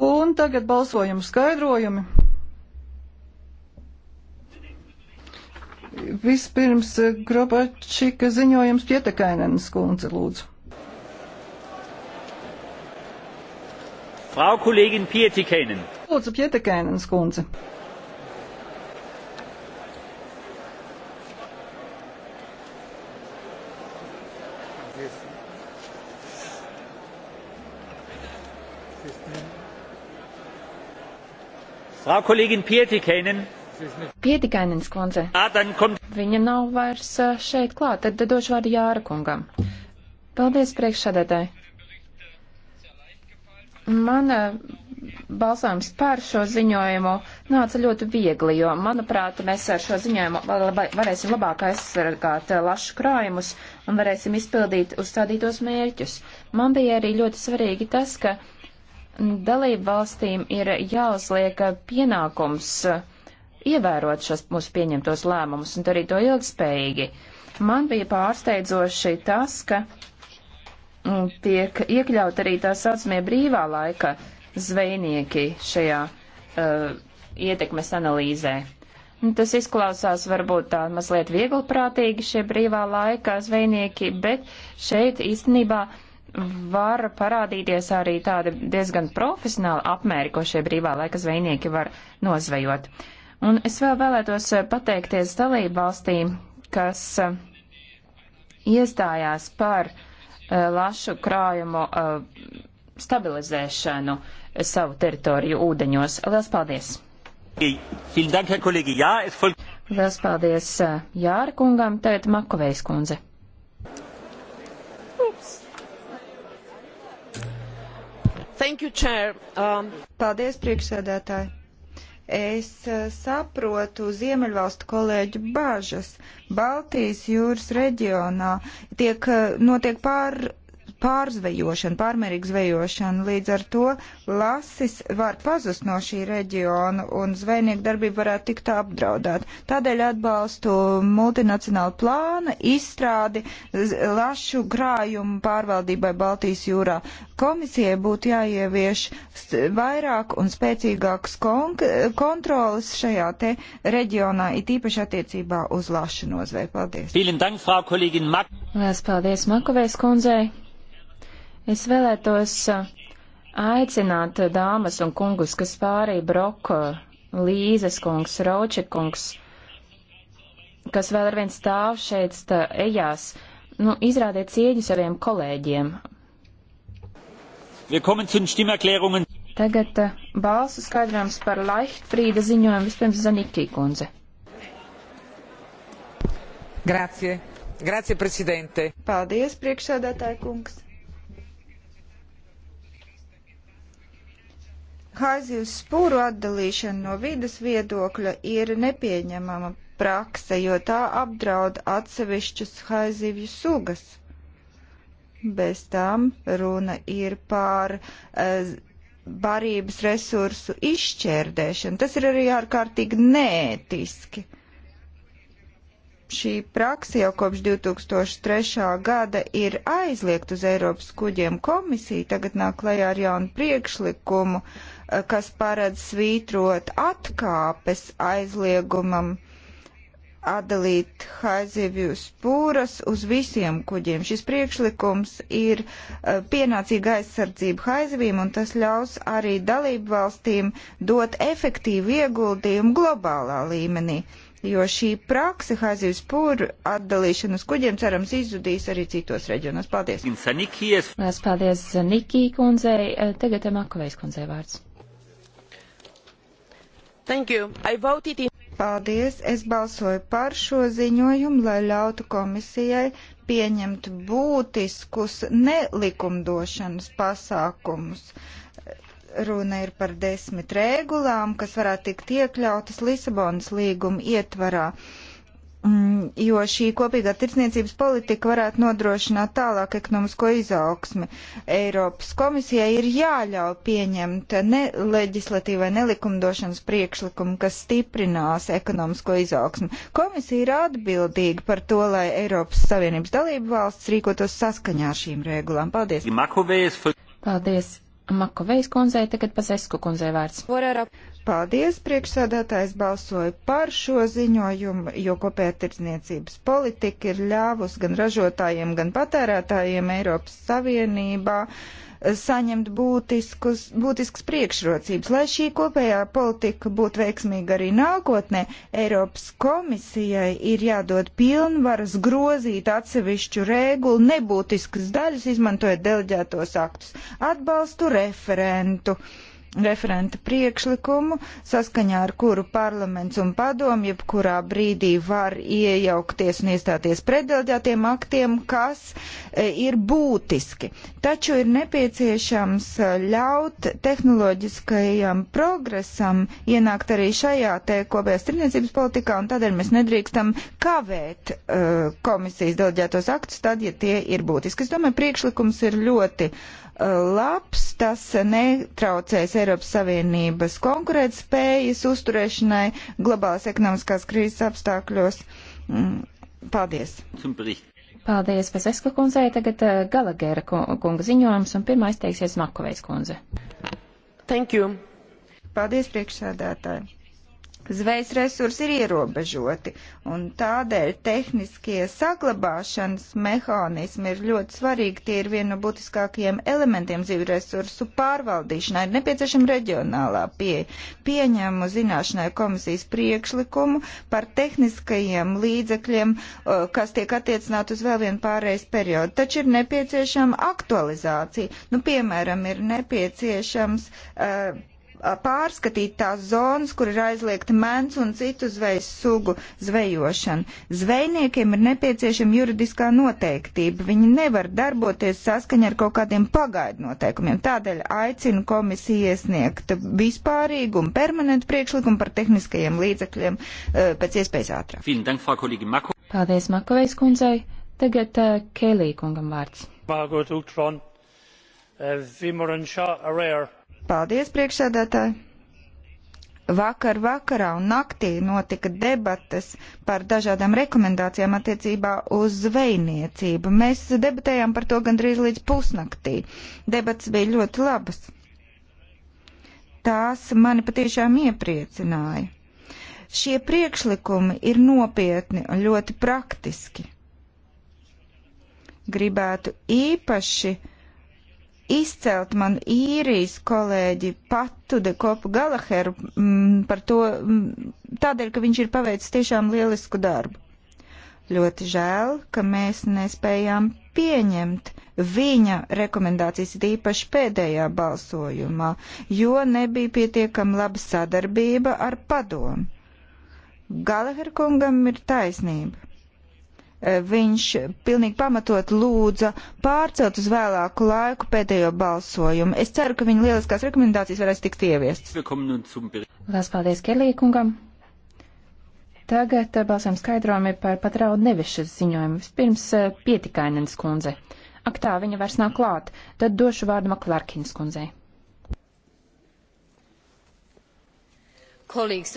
Un tagad balsojumu skaidrojumi. Vispirms eh, Grobačika ziņojums Pietekainēnas kundze lūdzu. Frau Kollegin Pietikainen. Lūdzu, Pietikainēnas kundze. Frau Kollegin Pietikainen. Pietikainenes kundze. Ah, Viņa nav vairs eh, šeit klāt, tad došu vārdu Jāra kungam. Paldies priekšsādētāji. Man eh, balsojums par šo ziņojumu nāca ļoti viegli, jo, manuprāt, mēs ar šo ziņojumu varēsim labāk aizsargāt eh, lašu krājumus un varēsim izpildīt uzstādītos mērķus. Man bija arī ļoti svarīgi tas, ka Dalību valstīm ir jāuzliek pienākums ievērot šos mūsu pieņemtos lēmumus un darīt to ilgspējīgi. Man bija pārsteidzoši tas, ka mm, tiek iekļaut arī tā saucamie brīvā laika zvejnieki šajā uh, ietekmes analīzē. Tas izklausās varbūt tā mazliet vieglprātīgi šie brīvā laika zvejnieki, bet šeit īstenībā uh, var parādīties arī tādi diezgan profesionāli apmēri, ko šie brīvā laika zvejnieki var nozvejot. Un es vēl vēlētos eh, pateikties dalību valstīm, kas eh, iestājās par eh, lašu krājumu stabilizēšanu savu teritoriju ūdeņos. Lielas paldies! Lielas paldies Jāra kungam, tagad Makovejs kundze. You, um... Paldies, priekšsēdētāji! Es uh, saprotu Ziemeļvalstu kolēģu bažas. Baltijas jūras reģionā tiek, uh, notiek pār pārzvejošana, pārmērīga zvejošana. Līdz ar to lasis var pazust no šī reģiona un zvejnieku darbība varētu tikt apdraudēt. Tādēļ atbalstu multinacionālu plānu izstrādi lašu krājumu pārvaldībai Baltijas jūrā. Komisijai būtu jāievieš vairāk un spēcīgākas kontrolas šajā te reģionā, it īpaši attiecībā uz lašu nozvei. Paldies! Lielas paldies Makovēs kundzei! Es vēlētos uh, aicināt dāmas un kungus, kas pārī Broko, uh, Līzes kungs, Raučikungs, kas vēl ar vien stāv šeit stā, ejās, nu, izrādiet cieņu saviem kolēģiem. Tagad uh, balsu skaidrojums par Laichtfrīda ziņojumu vispirms Zanikī kundze. Grazie. Grazie, prezidente. Paldies, priekšsēdētāja kungs. Hāzivs spūru atdalīšana no vidas viedokļa ir nepieņemama prakse, jo tā apdraud atsevišķus hāzivju sugas. Bez tām runa ir pār uh, e, barības resursu izšķērdēšanu. Tas ir arī ārkārtīgi nētiski šī praksa jau kopš 2003. gada ir aizliegt uz Eiropas kuģiem komisija, tagad nāk klajā ar jaunu priekšlikumu, uh, kas paredz svītrot atkāpes aizliegumam atdalīt haizivju spūras uz visiem kuģiem. Šis priekšlikums ir e, pienācīga aizsardzība haizivīm, un tas ļaus arī dalību valstīm dot efektīvu ieguldījumu globālā līmenī, jo šī praksa haizivju spūru atdalīšana uz kuģiem cerams izzudīs arī citos reģionos. Paldies! Paldies, Nikī kundzei! E, tagad Makovejs kundzei vārds. Thank you. I voted in... Paldies! Es balsoju par šo ziņojumu, lai ļautu komisijai pieņemt būtiskus nelikumdošanas pasākumus. Runa ir par desmit regulām, kas varētu tikt iekļautas Lisabonas līguma ietvarā. Uh, Mm, jo šī kopīgā tirsniecības politika varētu nodrošināt tālāk ekonomisko izaugsmi. Eiropas komisijai ir jāļauj pieņemt ne leģislatīvai nelikumdošanas priekšlikumu, kas stiprinās ekonomisko izaugsmi. Komisija ir atbildīga par to, lai Eiropas Savienības dalību valsts rīkotos saskaņā ar šīm regulām. Paldies! Paldies! Makovejas kundzei, tagad Pazesku kundzei vārds. Paldies, priekšsādātājs balsoja par šo ziņojumu, jo kopējā tirdzniecības politika ir ļāvus gan ražotājiem, gan patērētājiem Eiropas Savienībā eh, saņemt būtiskus, būtiskas priekšrocības. Lai šī kopējā politika būtu veiksmīga arī nākotnē, Eiropas komisijai ir jādod pilnvaras grozīt atsevišķu regulu nebūtiskas daļas, izmantojot deleģētos aktus. Atbalstu referentu. Uh, referenta priekšlikumu, saskaņā ar kuru parlaments un padomu jebkurā brīdī var iejaukties un iestāties pretdelģētiem aktiem, kas e, ir būtiski. Taču ir nepieciešams e, ļaut tehnoloģiskajam progresam ienākt arī šajā te kopējās tirniecības politikā, un tādēļ mēs nedrīkstam kavēt uh, komisijas delģētos aktus, tad, ja tie ir būtiski. Es domāju, priekšlikums ir ļoti uh, labs, tas netraucēs Eiropas Savienības konkurētspējas uzturēšanai globālas ekonomiskās krīzes apstākļos. Mm, paldies! Paldies, Paseska kundzei. Tagad eh, Galagēra kunga ziņojums un pirmā izteiksies Makovejs kundze. Thank you. Paldies, priekšsēdētāji. Zvejas resursi ir ierobežoti, un tādēļ tehniskie saglabāšanas mehānismi ir ļoti svarīgi. Tie ir viena no būtiskākajiem elementiem zivju resursu pārvaldīšanai. Ir nepieciešama reģionālā pieeja. Pieņēmu zināšanai komisijas priekšlikumu par tehniskajiem līdzekļiem, kas tiek attiecināt uz vēl vienu pārējais periodu. Taču ir nepieciešama aktualizācija. Nu, piemēram, ir nepieciešams uh, pārskatīt tās zonas, kur ir aizliegta mēns un citu zvejas sugu zvejošana. Zvejniekiem ir nepieciešama juridiskā noteiktība. Viņi nevar darboties saskaņā ar kaut kādiem pagaidu noteikumiem. Tādēļ aicinu komisiju iesniegt vispārīgu un permanentu priekšlikumu par tehniskajiem līdzekļiem pēc iespējas ātrāk. Paldies Makovejs kundzei. Tagad uh, Kēlī kungam vārds. Margot Utron, uh, Vimoran Shah Arēr. Paldies, priekšsēdētāji! Vakar vakarā un naktī notika debates par dažādām rekomendācijām attiecībā uz zvejniecību. Mēs debatējām par to gandrīz līdz pusnaktī. Debats bija ļoti labas. Tās mani patiešām iepriecināja. Šie priekšlikumi ir nopietni un ļoti praktiski. Gribētu īpaši izcelt man īrijas kolēģi Patude Kopu Galaheru m, mm, par to, m, mm, tādēļ, ka viņš ir paveicis tiešām lielisku darbu. Ļoti žēl, ka mēs nespējām pieņemt viņa rekomendācijas, īpaši pēdējā balsojumā, jo nebija pietiekama laba sadarbība ar padomu. Galaherkungam ir taisnība Eh, viņš pilnīgi pamatot lūdza pārcelt uz vēlāku laiku pēdējo balsojumu. Es ceru, ka viņa lieliskās rekomendācijas varēs tikt ieviestas. Lielas paldies Kelīkungam. Tagad eh, balsām skaidrojumi par patraudu nevišas ziņojumu. Vispirms eh, pietikainens kundze. Ak tā, viņa vairs nav klāt. Tad došu vārdu Maklārkins kundzei. Kolīgs,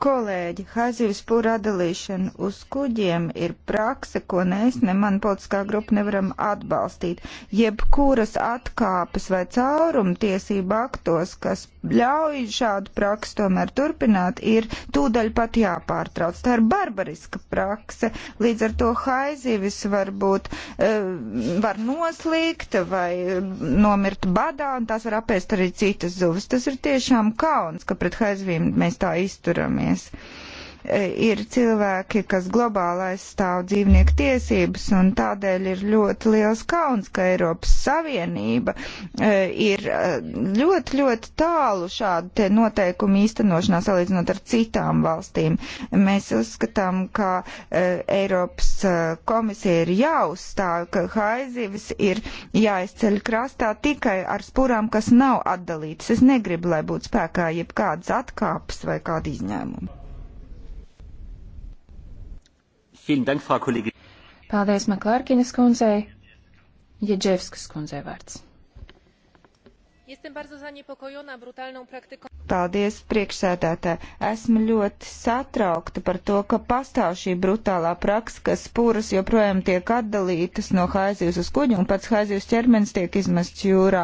Kolēģi, haizivs pūra dalīšana uz kuģiem ir prakse, ko ne es, ne mana politiskā grupa nevaram atbalstīt. Jebkuras atkāpes vai cauruma tiesība aktos, kas ļauj šādu praksi tomēr turpināt, ir tūdaļ pat jāpārtrauc. Tā ir barbariska prakse, līdz ar to haizivis var būt, eh, var noslīgt vai eh, nomirt badā, un tās var apēst arī citas zuvis. Tas ir tiešām kauns, ka pret haizivīm mēs tā izturamies vēlamies. Uh, ir cilvēki, kas globāli aizstāv dzīvnieku tiesības, un tādēļ ir ļoti liels kauns, ka Eiropas Savienība e, ir e, ļoti, ļoti tālu šādu te noteikumu īstenošanā salīdzinot ar citām valstīm. Mēs uzskatām, ka e, Eiropas komisija ir jāuzstāv, ka haizivis ir jāizceļ krastā tikai ar spurām, kas nav atdalītas. Es negribu, lai būtu spēkā jebkādas atkāpes vai kādi izņēmumi. Paldies Maklārkinas kundzei. Jeģevskas kundzei vārds. Paldies, priekšsēdētāji. Esmu ļoti satraukta par to, ka pastāv šī brutālā praksa, ka spuras joprojām tiek atdalītas no haizivs uz kuģi un pats haizivs ķermenis tiek izmests jūrā.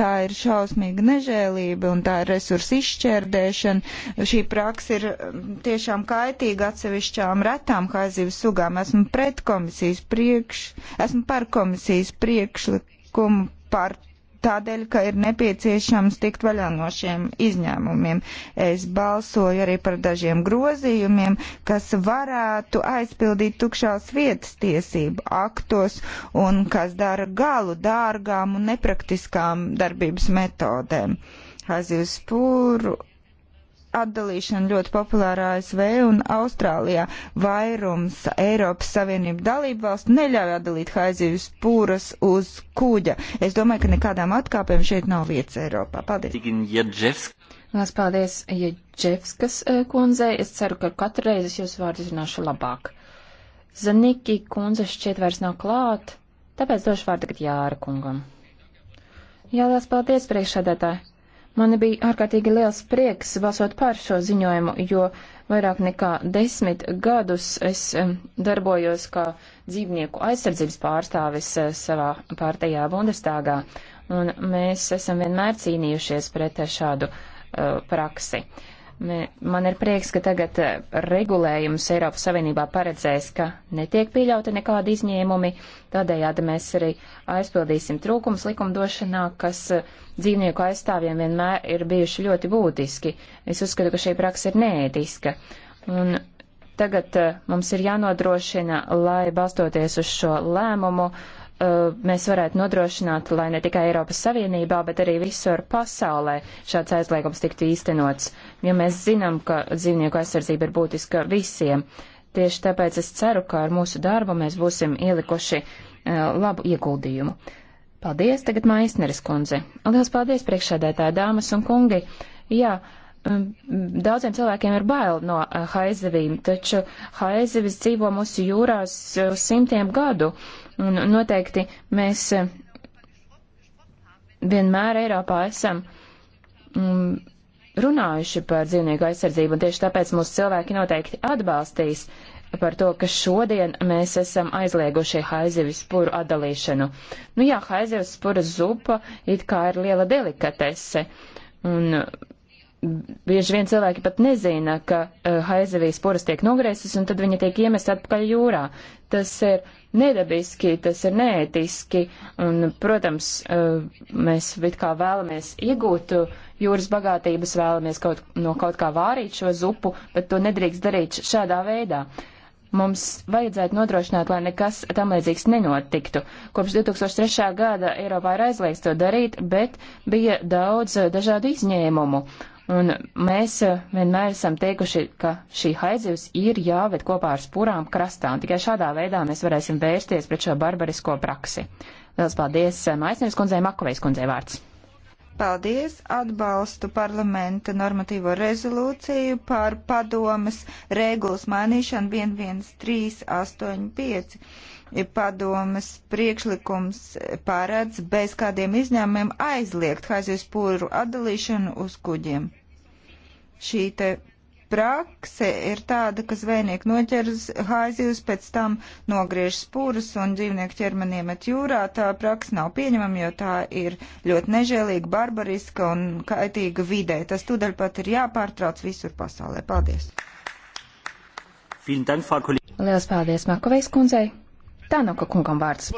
Tā ir šausmīga nežēlība un tā ir resursu izšķērdēšana. Šī praksa ir mm, tiešām kaitīga atsevišķām retām haizivs sugām. Esmu pret komisijas priekš, esmu par komisijas priekšlikumu par tādēļ, ka ir nepieciešams tikt vaļā no šiem izņēmumiem. Es balsoju arī par dažiem grozījumiem, kas varētu aizpildīt tukšās vietas tiesību aktos un kas dara galu dārgām un nepraktiskām darbības metodēm. Hazivs Pūru atdalīšana ļoti populāra ASV un Austrālijā. Vairums Eiropas Savienību dalību valstu neļauj atdalīt haizīves pūras uz kuģa. Es domāju, ka nekādām atkāpēm šeit nav vietas Eiropā. Paldies! Lās paldies Jeģevskas e, kundzei. Es ceru, ka katru reizi es jūsu vārdu izrunāšu labāk. Zaniki kundze šķiet vairs nav klāt, tāpēc došu vārdu tagad Jāra kungam. Jā, lās paldies priekšādētāji. Man bija ārkārtīgi liels prieks balsot par šo ziņojumu, jo vairāk nekā desmit gadus es darbojos kā dzīvnieku aizsardzības pārstāvis eh, savā pārtajā Bundestāgā, un mēs esam vienmēr cīnījušies pret šādu uh, praksi. Uh, Man ir prieks, ka tagad eh, regulējums Eiropas Savienībā paredzēs, ka netiek pieļauti nekādi izņēmumi. Tādējādi mēs arī aizpildīsim trūkums likumdošanā, kas eh, dzīvnieku aizstāvjiem vienmēr ir bijuši ļoti būtiski. Es uzskatu, ka šī praksa ir neētiska. Un tagad eh, mums ir jānodrošina, lai balstoties uz šo lēmumu, uh, Uh, mēs varētu nodrošināt, lai ne tikai Eiropas Savienībā, bet arī visur pasaulē šāds aizliegums tiktu īstenots, jo mēs zinām, ka dzīvnieku aizsardzība ir būtiska visiem. Tieši tāpēc es ceru, ka ar mūsu darbu mēs būsim ielikuši uh, labu ieguldījumu. Paldies, tagad Maisneris kundze. Liels paldies, priekšēdētāji, dāmas un kungi. Jā, uh, Um, daudziem cilvēkiem ir bail no uh, haizivīm, taču haizivis dzīvo mūsu jūrās uh, simtiem gadu. Un noteikti mēs uh, vienmēr Eiropā esam um, runājuši par dzīvnieku aizsardzību, un tieši tāpēc mūsu cilvēki noteikti atbalstīs par to, ka šodien mēs esam aizlieguši haizivis spuru atdalīšanu. Nu jā, haizivis spura zupa it kā ir liela delikatese, un bieži vien cilvēki pat nezina, ka uh, eh, haizivīs poras tiek nogrieztas un tad viņa tiek iemest atpakaļ jūrā. Tas ir nedabiski, tas ir neētiski un, protams, uh, mēs it kā vēlamies iegūt eh, jūras bagātības, vēlamies kaut, no kaut kā vārīt šo zupu, bet to nedrīkst darīt šādā veidā. Mums vajadzētu nodrošināt, lai nekas tam līdzīgs nenotiktu. Kopš 2003. gada Eiropā ir aizliegts to darīt, bet bija daudz dažādu izņēmumu. Uh, Un mēs eh, vienmēr esam teikuši, ka šī haizivs ir jāved kopā ar spurām krastā, un tikai šādā veidā mēs varēsim vērsties pret šo barbarisko praksi. Lielas paldies eh, Maisnieres kundzei, Makovejas kundzei vārds. Paldies! Atbalstu parlamenta normatīvo rezolūciju par padomas regulas mainīšanu 11385 padomas priekšlikums pārēdz bez kādiem izņēmumiem aizliegt haizivs pūru atdalīšanu uz kuģiem. Šī te prakse ir tāda, ka zvejnieki noķers haizivs, pēc tam nogriež spūrus un dzīvnieku ķermeni iemet jūrā. Tā praksa nav pieņemama, jo tā ir ļoti nežēlīga, barbariska un kaitīga vidē. Tas tūdaļ pat ir jāpārtrauc visur pasaulē. Paldies! Lielas paldies Makovejs kundzei! Tanuka kungam vārds.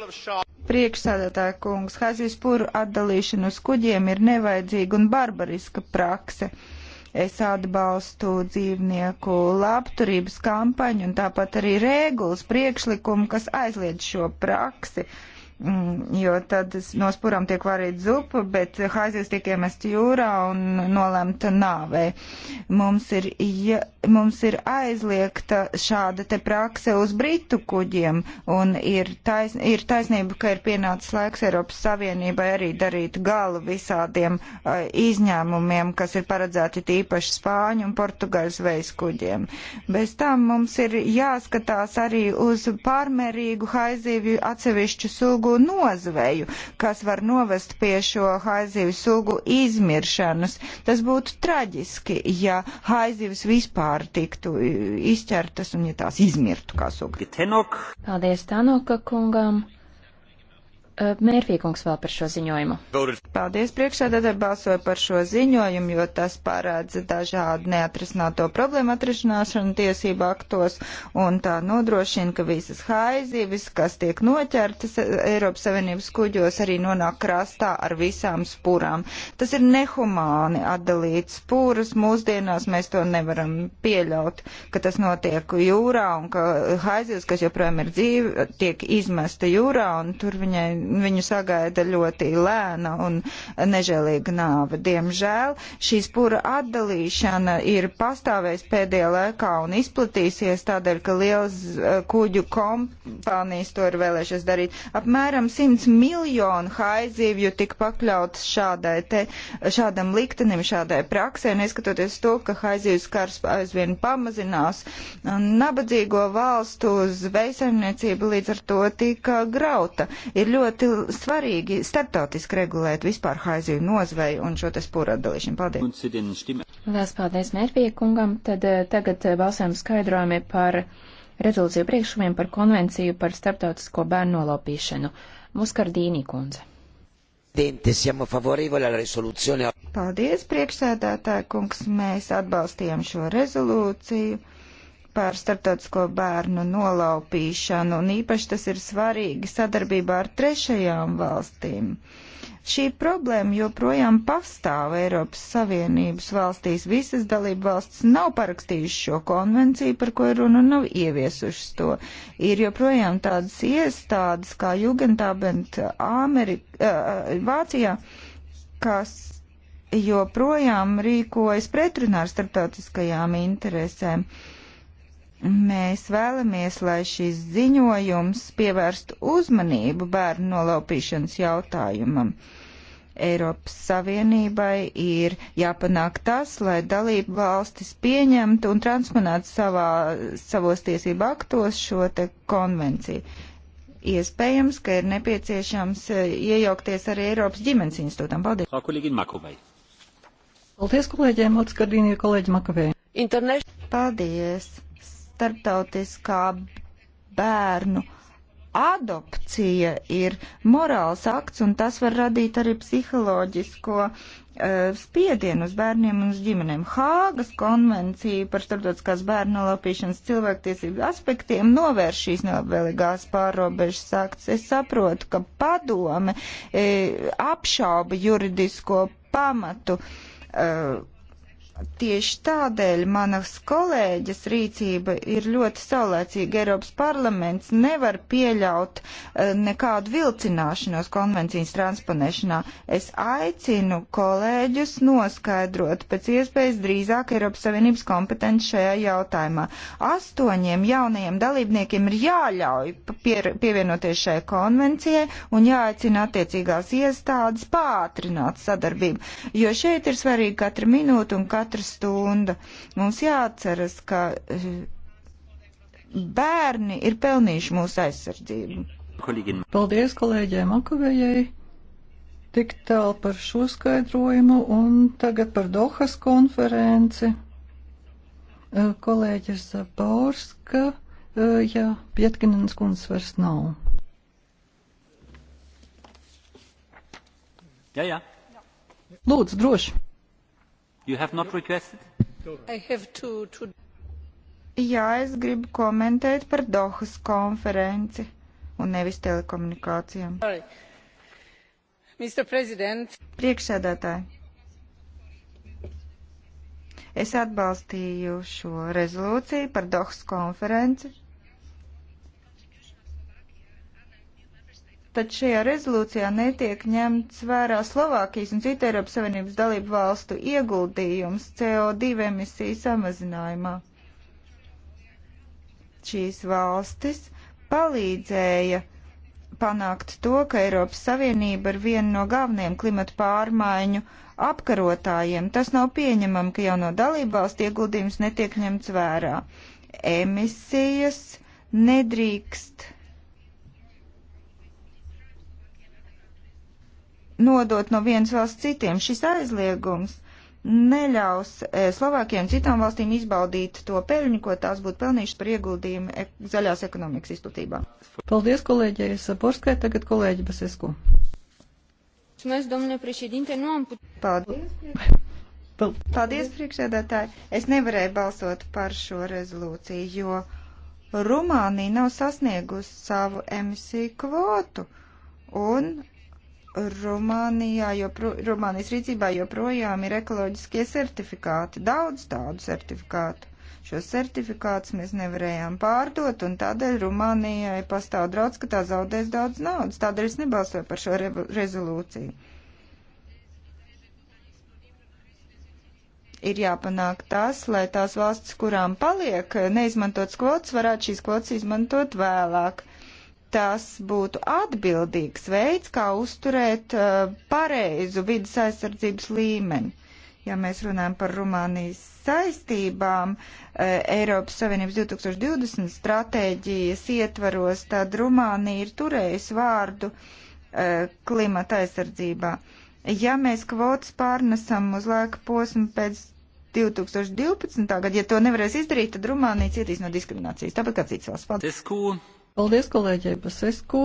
Priekšsēdētāja kungs, hazijas puru atdalīšana uz kuģiem ir nevajadzīga un barbariska prakse. Es atbalstu dzīvnieku labturības kampaņu un tāpat arī regulas priekšlikumu, kas aizliedz šo praksi. Uh, Mm, jo tad no spuram tiek varīt zupa, bet haizivs tiek iemest jūrā un nolemta nāvē. Mums ir, ja, mums ir aizliegta šāda te prakse uz britu kuģiem, un ir, tais, ir taisnība, ka ir pienācis laiks Eiropas Savienībai arī darīt galu visādiem uh, izņēmumiem, kas ir paredzēti tīpaši Spāņu un Portugāļu zvejas kuģiem. Bez tam mums ir jāskatās arī uz pārmērīgu haizivju atsevišķu sugu sugu nozveju, kas var novest pie šo haizivu sugu izmiršanas. Tas būtu traģiski, ja haizivs vispār tiktu izķertas un ja tās izmirtu kā suga. Paldies Tanoka kungam! Uh, Mērfīkungs vēl par šo ziņojumu. Paldies priekšsēdētāji balsoju par šo ziņojumu, jo tas parādz dažādu neatrisināto problēmu atrisināšanu tiesību aktos un tā nodrošina, ka visas haizības, kas tiek noķertas e- Eiropas Savienības kuģos, arī nonāk krastā ar visām spurām. Tas ir nehumāni atdalīt spūras. Mūsdienās mēs to nevaram pieļaut, ka tas notiek jūrā un ka haizības, kas joprojām ir dzīve, tiek izmesta jūrā un tur viņai viņu sagaida ļoti lēna un nežēlīga nāve. Diemžēl šī spura atdalīšana ir pastāvējis pēdējā laikā un izplatīsies tādēļ, ka liels eh, kuģu kompānijas to ir vēlējušies darīt. Apmēram 100 miljonu haizīvju tika pakļauts šādai te, šādam liktenim, šādai praksē, neskatoties to, ka haizīvju skars aizvien pamazinās. Nabadzīgo valstu zvejsaimniecība līdz ar to tika grauta. Ir ļoti ļoti svarīgi starptautiski regulēt vispār haizivju nozveju un šo te spūru atdalīšanu. Paldies! Lielas paldies mērpiekungam. Tad eh, tagad eh, balsojam skaidrojumi par rezolūciju priekšumiem par konvenciju par starptautisko bērnu nolaupīšanu. Muskardīnī kundze. Paldies, priekšsēdētāja kungs, mēs atbalstījām šo rezolūciju par starptautisko bērnu nolaupīšanu, un īpaši tas ir svarīgi sadarbībā ar trešajām valstīm. Šī problēma joprojām pastāv Eiropas Savienības valstīs. Visas dalību valstis nav parakstījušas šo konvenciju, par ko ir runa, un nav ieviesušas to. Ir joprojām tādas iestādes kā Jugendabend Amerik uh, Vācijā, kas joprojām rīkojas pretrunā ar starptautiskajām interesēm. Uh, Mēs vēlamies, lai šis ziņojums pievērstu uzmanību bērnu nolaupīšanas jautājumam. Eiropas Savienībai ir jāpanāk tas, lai dalību valstis pieņemtu un transponētu savā, savos tiesību aktos šo te konvenciju. Iespējams, ka ir nepieciešams e, iejaukties arī Eiropas ģimenes institūtam. Paldies! Paldies kolēģiem, Otskardīnie kolēģi Makavē. Internet. Paldies! starptautiskā bērnu adopcija ir morāls akts, un tas var radīt arī psiholoģisko uh, spiedienu uz bērniem un uz ģimenēm. Hāgas konvencija par starptautiskās bērnu nolapīšanas cilvēktiesību aspektiem novērš šīs nelabvēlīgās pārobežas akts. Es saprotu, ka padome e, apšauba juridisko pamatu. Uh, Tieši tādēļ manas kolēģis rīcība ir ļoti saulēcīga. Eiropas parlaments nevar pieļaut eh, nekādu vilcināšanos konvencijas transponēšanā. Es aicinu kolēģus noskaidrot pēc iespējas drīzāk Eiropas Savienības kompetenci šajā jautājumā. Astoņiem jaunajiem dalībniekiem ir jāļauj pier, pievienoties šai konvencijai un jāaicina attiecīgās iestādes pātrināt sadarbību, jo šeit ir svarīgi katra minūte un katra katru stundu. Mums jāatceras, ka eh, bērni ir pelnījuši mūsu aizsardzību. Paldies kolēģei Makavējai tik tālu par šo skaidrojumu un tagad par Dohas konferenci. Eh, kolēģis Zaborska, eh, jā, Pietkinens kundze vairs nav. Jā, jā. Lūdzu, droši. You have not requested? I have to, to... Jā, es gribu komentēt par Dohas konferenci un nevis telekomunikācijām. Sorry. Mr. President. Priekšsēdētāji. Es atbalstīju šo rezolūciju par Dohas konferenci tad šajā rezolūcijā netiek ņemts vērā Slovākijas un citu Eiropas Savienības dalību valstu ieguldījums CO2 emisiju samazinājumā. Šīs valstis palīdzēja panākt to, ka Eiropas Savienība ir viena no galvenajiem klimatu pārmaiņu apkarotājiem. Tas nav pieņemami, ka jauno dalību valstu ieguldījums netiek ņemts vērā. Emisijas nedrīkst nodot no vienas valsts citiem. Šis aizliegums neļaus eh, Slovākiem un citām valstīm izbaudīt to peļņu, ko tās būtu pelnījušas par ieguldījumu ek zaļās ekonomikas izplatībā. Paldies, kolēģi, es Borskai, tagad kolēģi Basesku. Nu Paldies. Paldies, priekšsēdētāji. Es nevarēju balsot par šo rezolūciju, jo Rumānija nav sasniegusi savu emisiju kvotu. Un Rumānijā, jopro, Rumānijas rīcībā joprojām ir ekoloģiskie certifikāti, daudz tādu certifikātu. Šos certifikātus mēs nevarējām pārdot, un tādēļ Rumānijai pastāv draudz, ka tā zaudēs daudz naudas. Tādēļ es nebalsoju par šo re rezolūciju. Ir jāpanāk tas, lai tās valsts, kurām paliek neizmantots kvots, varētu šīs kvots izmantot vēlāk. Uh, tas būtu atbildīgs veids, kā uzturēt uh, pareizu vidas aizsardzības līmeni. Ja mēs runājam par Rumānijas saistībām uh, Eiropas Savienības 2020 stratēģijas ietvaros, tad Rumānija ir turējusi vārdu uh, klimata aizsardzībā. Ja mēs kvotas pārnesam uz laika posmu pēc 2012. gada, ja to nevarēs izdarīt, tad Rumānija cietīs no diskriminācijas. Tāpat kā cits valsts. Paldies! Paldies kolēģei Basesku.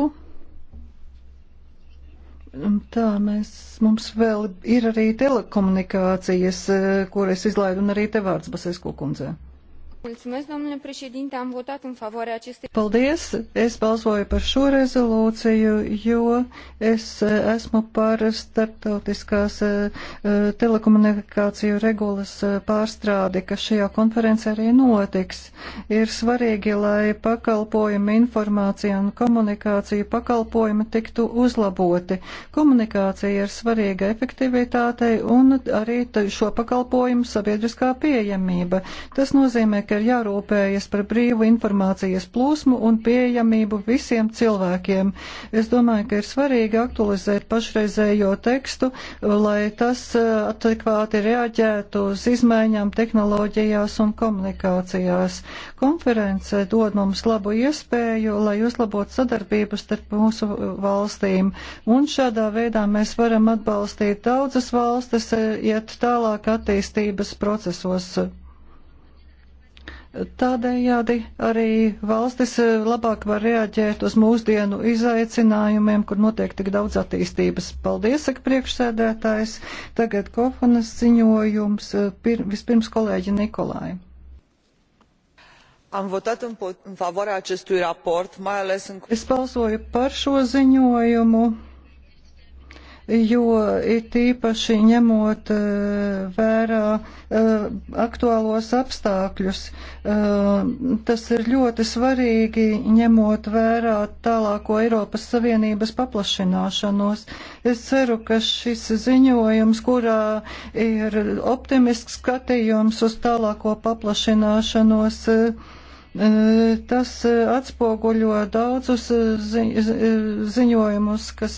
Tā mēs, mums vēl ir arī telekomunikācijas, eh, kuras izlaidu, un arī te vārds Basesku kundzei am votat în favoarea acestei. Paldies! Es balsoju par šo rezolūciju, jo es eh, esmu par starptautiskās eh, telekomunikāciju regulas eh, pārstrādi, kas šajā konferencē arī notiks. Ir svarīgi, lai pakalpojumi, informācija un komunikācija pakalpojumi tiktu uzlaboti. Komunikācija ir svarīga efektivitātei un arī šo pakalpojumu sabiedriskā pieejamība. Tas nozīmē, ka ka ir jārūpējas par brīvu informācijas plūsmu un pieejamību visiem cilvēkiem. Es domāju, ka ir svarīgi aktualizēt pašreizējo tekstu, lai tas eh, adekvāti reaģētu uz izmaiņām tehnoloģijās un komunikācijās. Konference dod mums labu iespēju, lai uzlabotu sadarbību starp mūsu valstīm, un šādā veidā mēs varam atbalstīt daudzas valstis, eh, iet tālāk attīstības procesos. Tādējādi arī valstis eh, labāk var reaģēt uz mūsdienu izaicinājumiem, kur notiek tik daudz attīstības. Paldies, saka priekšsēdētājs. Tagad kofanas ziņojums eh, pir, vispirms kolēģi Nikolai am votat în favoarea acestui raport mai ales în. es balsoju par šo ziņojumu jo it īpaši ņemot eh, vērā eh, aktuālos apstākļus, eh, tas ir ļoti svarīgi ņemot vērā tālāko Eiropas Savienības paplašināšanos. Es ceru, ka šis ziņojums, kurā ir optimisks skatījums uz tālāko paplašināšanos, Tas atspoguļo daudzus ziņojumus, kas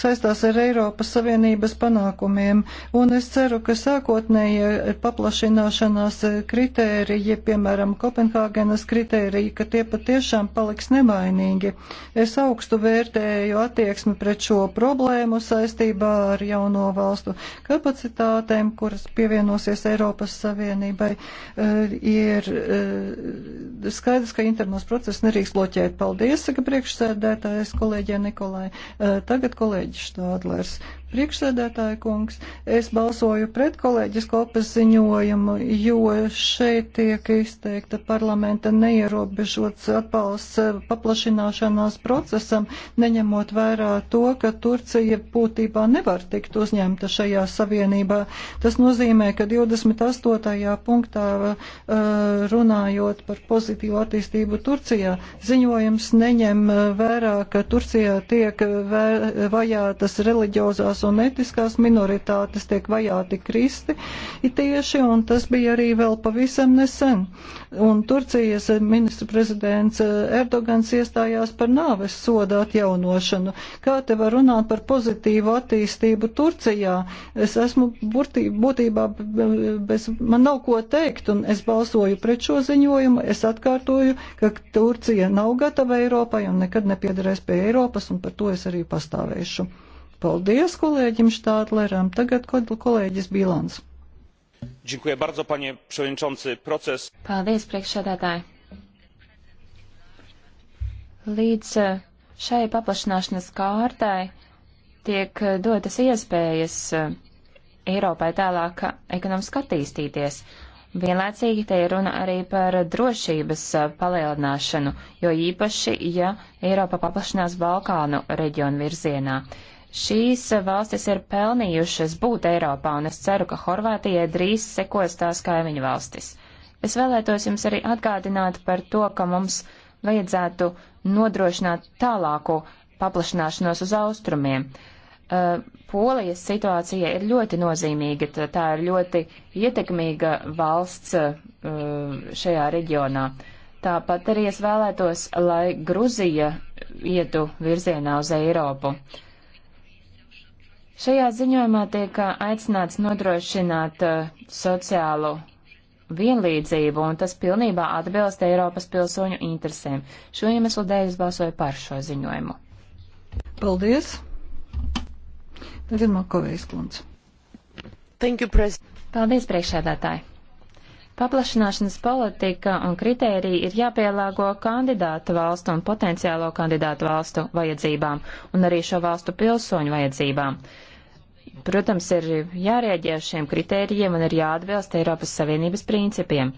saistās ar Eiropas Savienības panākumiem, un es ceru, ka sākotnēji paplašināšanās kritēriji, piemēram, Kopenhāgenas kritēriji, ka tie patiešām paliks nemainīgi. Es augstu vērtēju attieksmi pret šo problēmu saistībā ar jauno valstu kapacitātēm, kuras pievienosies Eiropas Savienībai, ir skaidrs, ka internos process nerīkst bloķēt. Paldies, saka priekšsēdētājs kolēģiem Nikolai. Tagad kolēģis Štādlers. Priekšsēdētāja kungs, es balsoju pret kolēģis Kopas ziņojumu, jo šeit tiek izteikta parlamenta neierobežots atbalsts eh, paplašināšanās procesam, neņemot vērā to, ka Turcija būtībā nevar tikt uzņemta šajā savienībā. Tas nozīmē, ka 28. punktā eh, runājot par pozitīvu attīstību Turcijā, ziņojums neņem eh, vērā, ka Turcijā tiek vajātas reliģiozās reliģiskās un etiskās minoritātes tiek vajāti kristi tieši, un tas bija arī vēl pavisam nesen. Un Turcijas ministra prezidents Erdogans iestājās par nāves soda atjaunošanu. Kā te var runāt par pozitīvu attīstību Turcijā? Es esmu burtī, būtībā, bez, man nav ko teikt, un es balsoju pret šo ziņojumu. Es atkārtoju, ka Turcija nav gatava Eiropai un nekad nepiedarēs pie Eiropas, un par to es arī pastāvēšu. Paldies kolēģim Štādleram. Tagad kolēģis Bilans. Bardzo, panie przewodniczący. Proces. Paldies, priekšsēdētāji. Līdz eh, šai paplašināšanas kārtai tiek eh, dotas iespējas eh, Eiropai tālāk ekonomiski attīstīties. Vienlaicīgi te ir runa arī par drošības palielināšanu, jo īpaši, ja Eiropa paplašinās Balkānu reģionu virzienā. Šīs valstis ir pelnījušas būt Eiropā, un es ceru, ka Horvātijai drīz sekos tās kaimiņu valstis. Es vēlētos jums arī atgādināt par to, ka mums vajadzētu nodrošināt tālāku paplašināšanos uz austrumiem. Uh, Polijas situācija ir ļoti nozīmīga, tā ir ļoti ietekmīga valsts uh, šajā reģionā. Tāpat arī es vēlētos, lai Gruzija ietu virzienā uz Eiropu. Uh, Šajā ziņojumā tiek aicināts nodrošināt sociālu vienlīdzību, un tas pilnībā atbilst Eiropas pilsoņu interesēm. Šo iemeslu dēļ es balsoju par šo ziņojumu. Paldies! Tagad Makovejs kundze. Paldies, priekšsēdētāji! Paplašināšanas politika un kritērija ir jāpielāgo kandidātu valstu un potenciālo kandidātu valstu vajadzībām un arī šo valstu pilsoņu vajadzībām. Protams, ir jārēģē uz šiem kritērijiem un ir jāatbilst Eiropas Savienības principiem.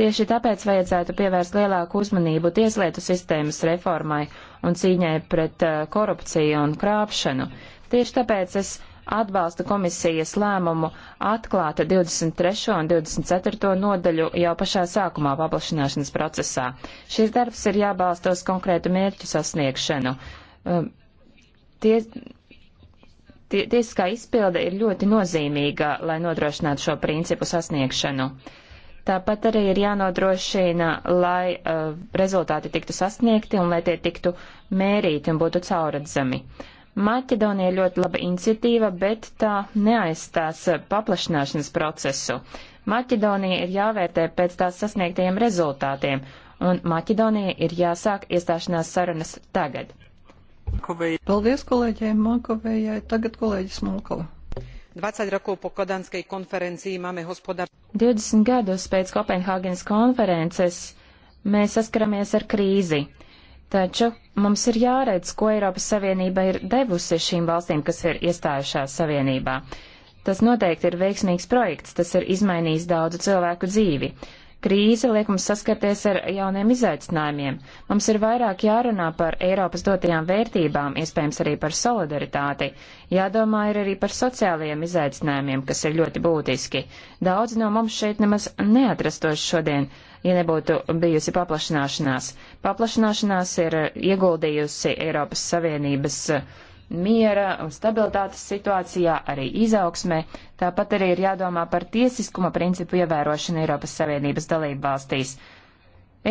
Tieši tāpēc vajadzētu pievērst lielāku uzmanību tieslietu sistēmas reformai un cīņai pret uh, korupciju un krāpšanu. Tieši tāpēc es atbalsta komisijas lēmumu atklāt 23. un 24. nodaļu jau pašā sākumā paplašināšanas procesā. Šis darbs ir jābalsta uz konkrētu mērķu sasniegšanu. Um, tie, tie, tiesiskā izpilde ir ļoti nozīmīga, lai nodrošinātu šo principu sasniegšanu. Tāpat arī ir jānodrošina, lai uh, rezultāti tiktu sasniegti un lai tie tiktu mērīti un būtu cauradzami. Uh, Maķedonija ir ļoti laba iniciatīva, bet tā neaizstās paplašināšanas procesu. Maķedonija ir jāvērtē pēc tās sasniegtajiem rezultātiem, un Maķedonija ir jāsāk iestāšanās sarunas tagad. Paldies kolēģiem Makovējai. Tagad kolēģis Mulkova. 20 rokov po Kodanskej konferencii máme hospodār... 20 gadus pēc Kopenhāgenes konferences mēs saskaramies ar krīzi. Taču mums ir jāredz, ko Eiropas Savienība ir devusi šīm valstīm, kas ir iestājušās Savienībā. Tas noteikti ir veiksmīgs projekts, tas ir izmainījis daudzu cilvēku dzīvi. Krīze liek mums saskarties ar jauniem izaicinājumiem. Mums ir vairāk jārunā par Eiropas dotajām vērtībām, iespējams arī par solidaritāti. Jādomā ir arī par sociālajiem izaicinājumiem, kas ir ļoti būtiski. Daudz no mums šeit nemaz neatrastos šodien ja nebūtu bijusi paplašināšanās. Paplašināšanās ir ieguldījusi Eiropas Savienības uh, miera un stabilitātes situācijā, arī izaugsmē. Tāpat arī ir jādomā par tiesiskuma principu ievērošanu Eiropas Savienības dalību valstīs.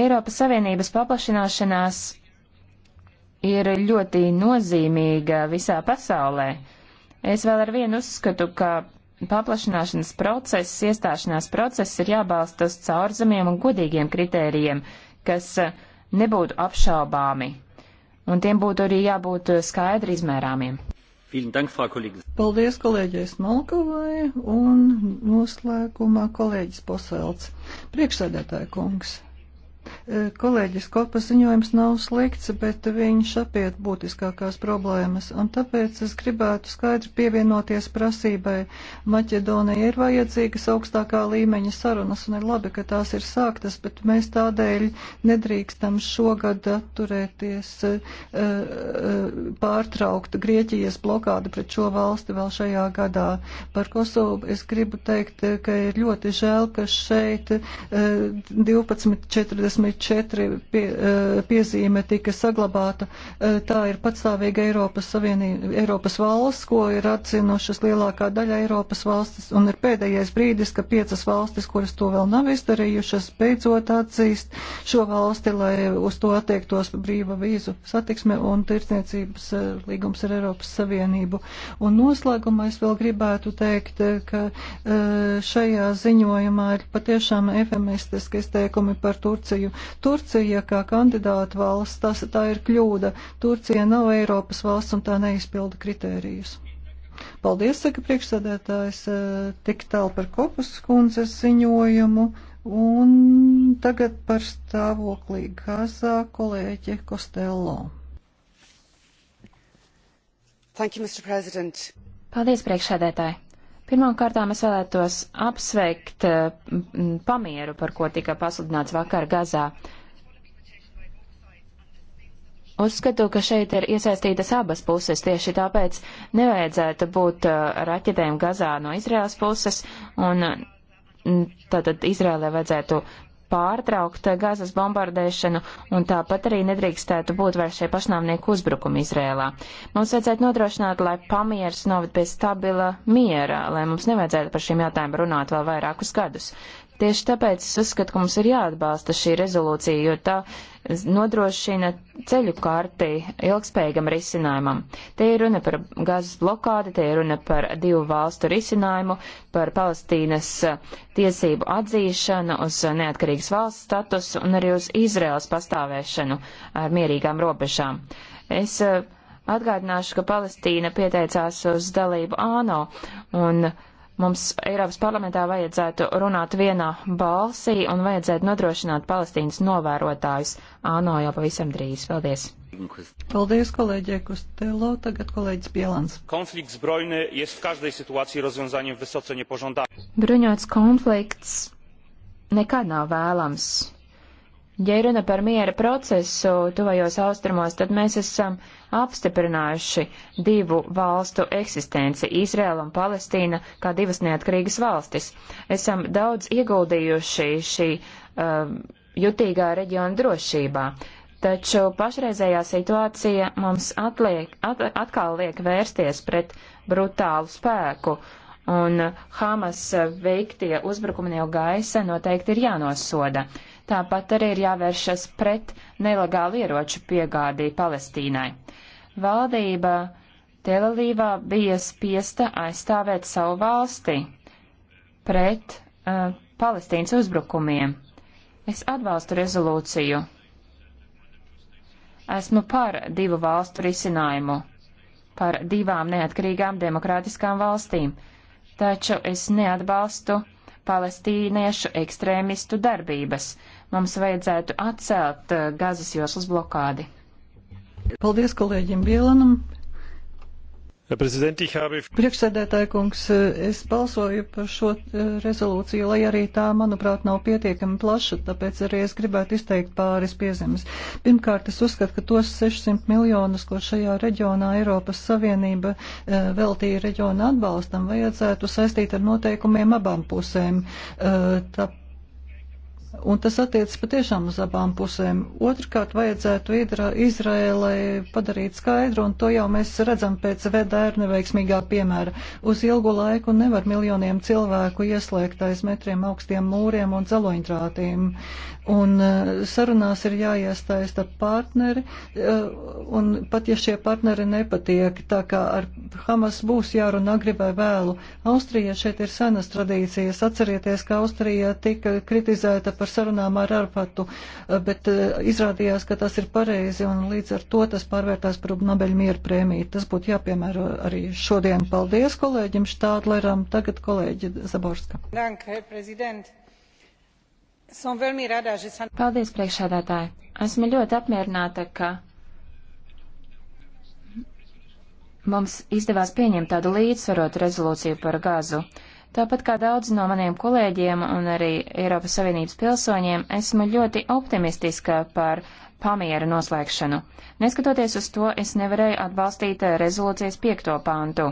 Eiropas Savienības paplašināšanās ir ļoti nozīmīga visā pasaulē. Es vēl ar vienu uzskatu, ka paplašināšanas process, iestāšanās process ir jābalsta uz caurzemiem un godīgiem kritērijiem, kas nebūtu apšaubāmi un tiem būtu arī jābūt eh, skaidri izmērāmiem. Paldies kolēģis Malkovai un noslēgumā kolēģis Posēlts. Priekšsēdētāja kungs. Eh, kolēģis Kopa ziņojums nav slikts, bet viņš apiet būtiskākās problēmas, un tāpēc es gribētu skaidri pievienoties prasībai. Maķedonija ir vajadzīgas augstākā līmeņa sarunas, un ir labi, ka tās ir sāktas, bet mēs tādēļ nedrīkstam šogad atturēties eh, eh, pārtraukt Grieķijas blokādu pret šo valsti vēl šajā gadā. Par Kosovu es gribu teikt, ka ir ļoti žēl, ka šeit 12.40 24 pie, eh, piezīme tika saglabāta. Eh, tā ir patstāvīga Eiropas, Savienība, Eiropas valsts, ko ir atzinušas lielākā daļa Eiropas valstis, un ir pēdējais brīdis, ka piecas valstis, kuras to vēl nav izdarījušas, beidzot atzīst šo valsti, lai uz to attiektos brīva vīzu satiksme un tirdzniecības eh, līgums ar Eiropas Savienību. Un noslēgumā es vēl gribētu teikt, ka šajā ziņojumā ir patiešām efemistiski izteikumi par Turciju Turciju. Turcija kā kandidāta valsts, tas, tā ir kļūda. Turcija nav Eiropas valsts un tā neizpilda kritērijus. Paldies, saka priekšsēdētājs, eh, tik tālu par kopus kundzes ziņojumu. Un tagad par stāvoklī Gazā kolēģe Kostello. Thank you, Mr. President. Paldies, priekšsēdētāji. Pirmkārtām es vēlētos apsveikt eh, pamieru, par ko tika pasludināts vakar Gazā. Uzskatu, ka šeit ir iesaistītas abas puses, tieši tāpēc nevajadzētu būt eh, raķetēm Gazā no Izraels puses, un tātad Izrēlē vajadzētu pārtraukt gazas bombardēšanu un tāpat arī nedrīkstētu būt vairs šie pašnāvnieku uzbrukumi Izrēlā. Mums vajadzētu nodrošināt, lai pamieris noved pie stabila miera, lai mums nevajadzētu par šiem jautājumiem runāt vēl vairākus gadus. Tieši tāpēc es uzskatu, ka mums ir jāatbalsta šī rezolūcija, jo tā nodrošina ceļu kārti ilgspējīgam risinājumam. Te ir runa par gazas blokādi, te ir runa par divu valstu risinājumu, par Palestīnas tiesību atzīšanu uz neatkarīgas valsts statusu un arī uz Izraels pastāvēšanu ar mierīgām robežām. Es eh, atgādināšu, ka Palestīna pieteicās uz dalību ANO un uh, Mums Eiropas parlamentā vajadzētu runāt vienā balsī un vajadzētu nodrošināt Palestīnas novērotājus. Āno jau pavisam drīz. Paldies! Paldies, kolēģi Kustelo. Tagad kolēģis Bielans. Konflikts brojny jest w każdej sytuacji rozwiązaniem wysoce niepożądanym. Bruņots konflikts nekad nav vēlams Ja runa par miera procesu tuvajos austrumos, tad mēs esam apstiprinājuši divu valstu eksistenci - Izrēla un Palestīna kā divas neatkarīgas valstis. Esam daudz ieguldījuši šī uh, jutīgā reģiona drošībā, taču pašreizējā situācija mums atliek, at, atkal liek vērsties pret brutālu spēku, un Hamas veiktie uzbrukumi no gaisa noteikti ir jānosoda. Uh, Tāpat arī ir jāvēršas pret nelegālu ieroču piegādī Palestīnai. Valdība Telalīvā bija spiesta aizstāvēt savu valsti pret uh, Palestīnas uzbrukumiem. Es atbalstu rezolūciju. Esmu par divu valstu risinājumu, par divām neatkarīgām demokrātiskām valstīm, taču es neatbalstu palestīniešu ekstrēmistu darbības, Mums vajadzētu atcelt eh, gazas joslas blokādi. Paldies kolēģim Bielanam. Priekšsēdētāja kungs, eh, es balsoju par šo eh, rezolūciju, lai arī tā, manuprāt, nav pietiekami plaša, tāpēc arī es gribētu izteikt pāris piezīmes. Pirmkārt, es uzskatu, ka tos 600 miljonus, ko šajā reģionā Eiropas Savienība veltīja reģiona atbalstam, vajadzētu saistīt ar noteikumiem abām pusēm. Tāpēc Un tas attiecas patiešām uz abām pusēm. Otrkārt, vajadzētu Idra, Izraēlai padarīt skaidru, un to jau mēs redzam pēc VDR neveiksmīgā piemēra. Uz ilgu laiku nevar miljoniem cilvēku ieslēgt aiz metriem augstiem mūriem un dzeloņtrātīm. Un eh, sarunās ir jāiestaista partneri, eh, un pat ja šie partneri nepatiek, tā kā ar Hamas būs jārunā gribai vēlu. Austrija šeit ir senas tradīcijas. Atcerieties, ka Austrija tika kritizēta par sarunām ar Arpatu, eh, bet eh, izrādījās, ka tas ir pareizi un līdz ar to tas pārvērtās par Nobeļa mieru prēmiju. Tas būtu jāpiemēro arī šodien. Paldies kolēģim Štādleram, tagad kolēģi Zaborska. Dank, Paldies, priekšādātāji. Esmu ļoti apmierināta, ka mums izdevās pieņemt tādu līdzsvarotu rezolūciju par gazu. Tāpat kā daudzi no maniem kolēģiem un arī Eiropas Savienības pilsoņiem, esmu ļoti optimistiska par pamiera noslēgšanu. Neskatoties uz to, es nevarēju atbalstīt eh, rezolūcijas piekto pāntu.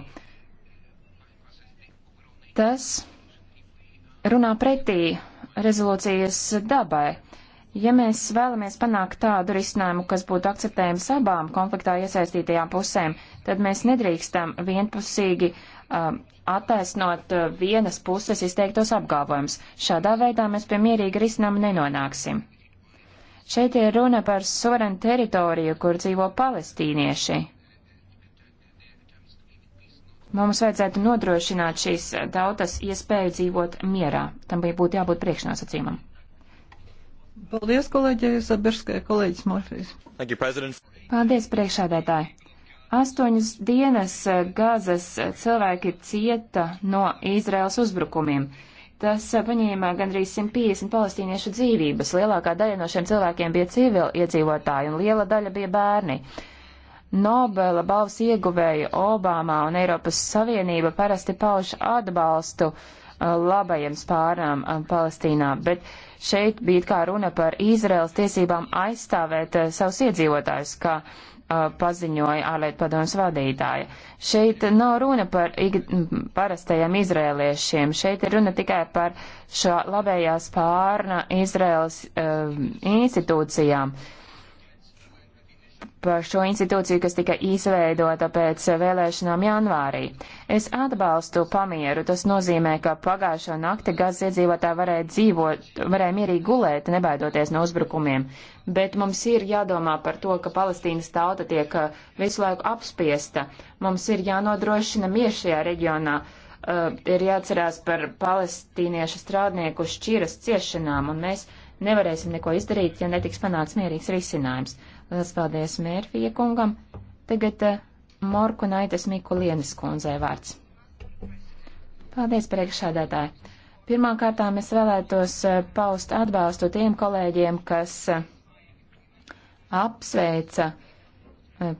Tas runā pretī rezolūcijas dabai. Ja mēs vēlamies panākt tādu risinājumu, kas būtu akceptējams abām konfliktā iesaistītajām pusēm, tad mēs nedrīkstam vienpusīgi um, attaisnot uh, vienas puses izteiktos apgalvojumus. Šādā veidā mēs pie mierīga risinājuma nenonāksim. Šeit ir runa par suverenu teritoriju, kur dzīvo palestīnieši. Mums vajadzētu nodrošināt šīs uh, tautas iespēju dzīvot mierā. Tam bija būtu jābūt priekšnosacījumam. Paldies, kolēģi Zabirskai, kolēģis Morfijs. Paldies, priekšādētāji. Astoņas dienas eh, Gāzes eh, cilvēki cieta no Izraels uzbrukumiem. Tas eh, paņēma gandrīz 150 palestīniešu dzīvības. Lielākā daļa no šiem cilvēkiem bija civili iedzīvotāji, un liela daļa bija bērni. Nobela balvas ieguvēja Obama un Eiropas Savienība parasti pauž atbalstu uh, Uh, labajiem spārnām uh, Palestīnā, bet šeit bija kā runa par Izraels tiesībām aizstāvēt uh, savus iedzīvotājus, kā paziņoja ārlietu padomas vadītāja. Šeit nav runa par parastajiem izrēliešiem, šeit ir runa tikai par šā labējā spārna Izraels uh, institūcijām. Uh, starp šo institūciju, kas tika izveidota pēc vēlēšanām janvārī. Es atbalstu pamieru. Tas nozīmē, ka pagājušo nakti gazas iedzīvotāji varēja dzīvot, varēja mierīgi gulēt, nebaidoties no uzbrukumiem. Bet mums ir jādomā par to, ka Palestīnas tauta tiek uh, visu laiku apspiesta. Mums ir jānodrošina mieru šajā reģionā. Uh, ir jāatcerās par palestīniešu strādnieku šķiras ciešanām, un mēs nevarēsim neko izdarīt, ja netiks panāks mierīgs risinājums. Lielas paldies Mērfija kungam. Tagad eh, Morku Naitas Mikulienes kundzē vārds. Paldies, priekšādātāji. Pirmkārt, es vēlētos eh, paust atbalstu tiem kolēģiem, kas eh, apsveica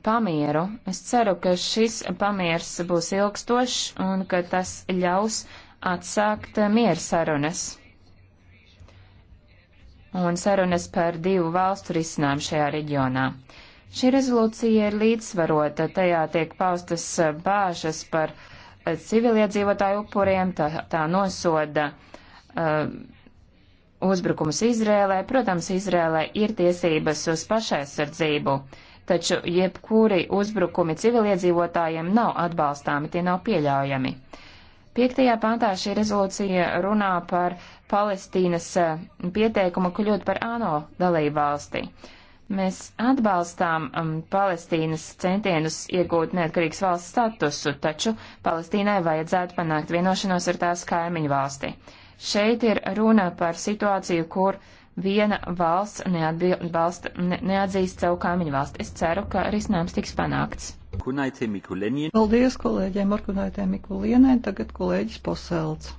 pamieru. Es ceru, ka šis pamiers būs ilgstošs un ka tas ļaus atsākt mieru sarunas un sarunas par divu valstu risinājumu šajā reģionā. Šī rezolūcija ir līdzsvarota, tajā tiek paustas eh, bāžas par eh, civiliedzīvotāju upuriem, tā, tā nosoda uh, uzbrukums Izrēlē. Protams, Izrēlē ir tiesības uz pašaizsardzību, taču jebkuri uzbrukumi civiliedzīvotājiem nav atbalstāmi, tie nav pieļaujami. Uh, Piektajā pantā šī rezolūcija runā par Palestīnas eh, pieteikumu kļūt par ANO dalību valsti. Mēs atbalstām um, Palestīnas centienus iegūt neatkarīgas valsts statusu, taču Palestīnai vajadzētu panākt vienošanos ar tās kaimiņu valsti. Šeit ir runa par situāciju, kur viena valsts neatbilst, ne, neatzīst savu kaimiņu valsti. Es ceru, ka risinājums tiks panākts. Paldies kolēģiem Arkunaitē Mikulienē, tagad kolēģis Poselts.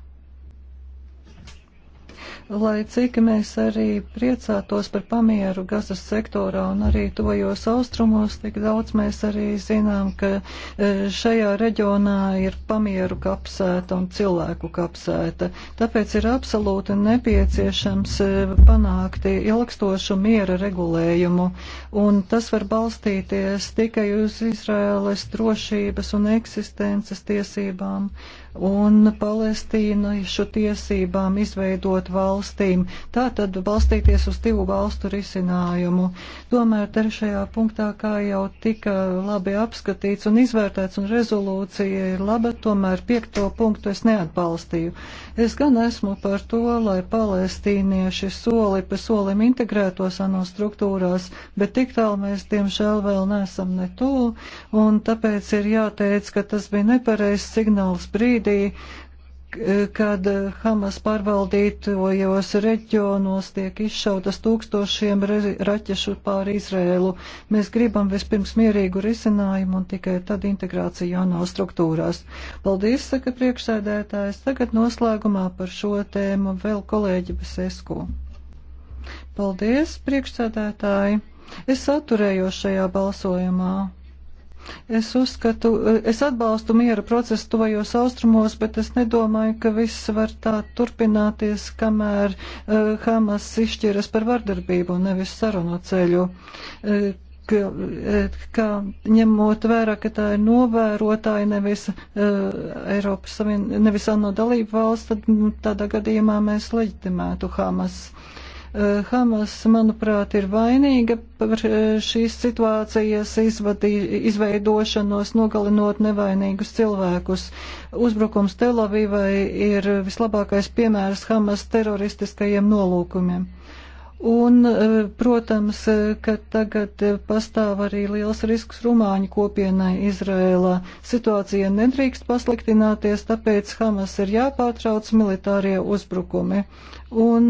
Lai cik mēs arī priecātos par pamieru gazas sektorā un arī tojos austrumos, tik daudz mēs arī zinām, ka e, šajā reģionā ir pamieru kapsēta un cilvēku kapsēta. Tāpēc ir absolūti nepieciešams e, panākt ilgstošu miera regulējumu, un tas var balstīties tikai uz Izraēlas drošības un eksistences tiesībām un palestīniešu tiesībām izveidot valstīm. Tā tad balstīties uz divu valstu risinājumu. Tomēr trešajā punktā, kā jau tika labi apskatīts un izvērtēts, un rezolūcija ir laba, tomēr piekto punktu es neatbalstīju. Es gan esmu par to, lai palestīnieši soli pa solim integrētos ANO struktūrās, bet tik tālu mēs, diemžēl, vēl neesam ne tuvu, un tāpēc ir jāteic, ka tas bija nepareizs signāls brīdī, brīdī, kad Hamas pārvaldītojos reģionos tiek izšautas tūkstošiem raķešu pār Izrēlu. Mēs gribam vispirms mierīgu risinājumu un tikai tad integrāciju jaunā struktūrās. Paldies, saka priekšsēdētājs. Tagad noslēgumā par šo tēmu vēl kolēģi Besesku. Paldies, priekšsēdētāji. Es atturējos šajā balsojumā. Es uzskatu, es atbalstu miera procesu tuvajos austrumos, bet es nedomāju, ka viss var tā turpināties, kamēr uh, Hamas izšķiras par vardarbību, nevis sarunu ceļu. Uh, ka, eh, ka ņemot vērā, ka tā ir novērotāja nevis uh, Eiropas Savien, nevis ANO dalība valsts, tad nu, tādā gadījumā mēs leģitimētu Hamas. Uh, Eh, Hamas, manuprāt, ir vainīga par eh, šīs situācijas izvadī, izveidošanos, nogalinot nevainīgus cilvēkus. Uzbrukums Telavīvai ir vislabākais piemērs Hamas teroristiskajiem nolūkumiem. Un, eh, protams, eh, ka tagad eh, pastāv arī liels risks Rumāņu kopienai Izrēlā. Situācija nedrīkst pasliktināties, tāpēc Hamas ir jāpārtrauc militārie uzbrukumi un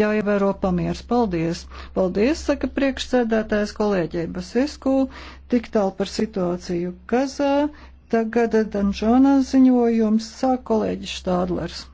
jāievēro pamieris. Paldies! Paldies, saka priekšsēdētājs kolēģei Basesku, tik tālu par situāciju Gazā. Tagad Danžona ziņojums sāk kolēģis Štādlers.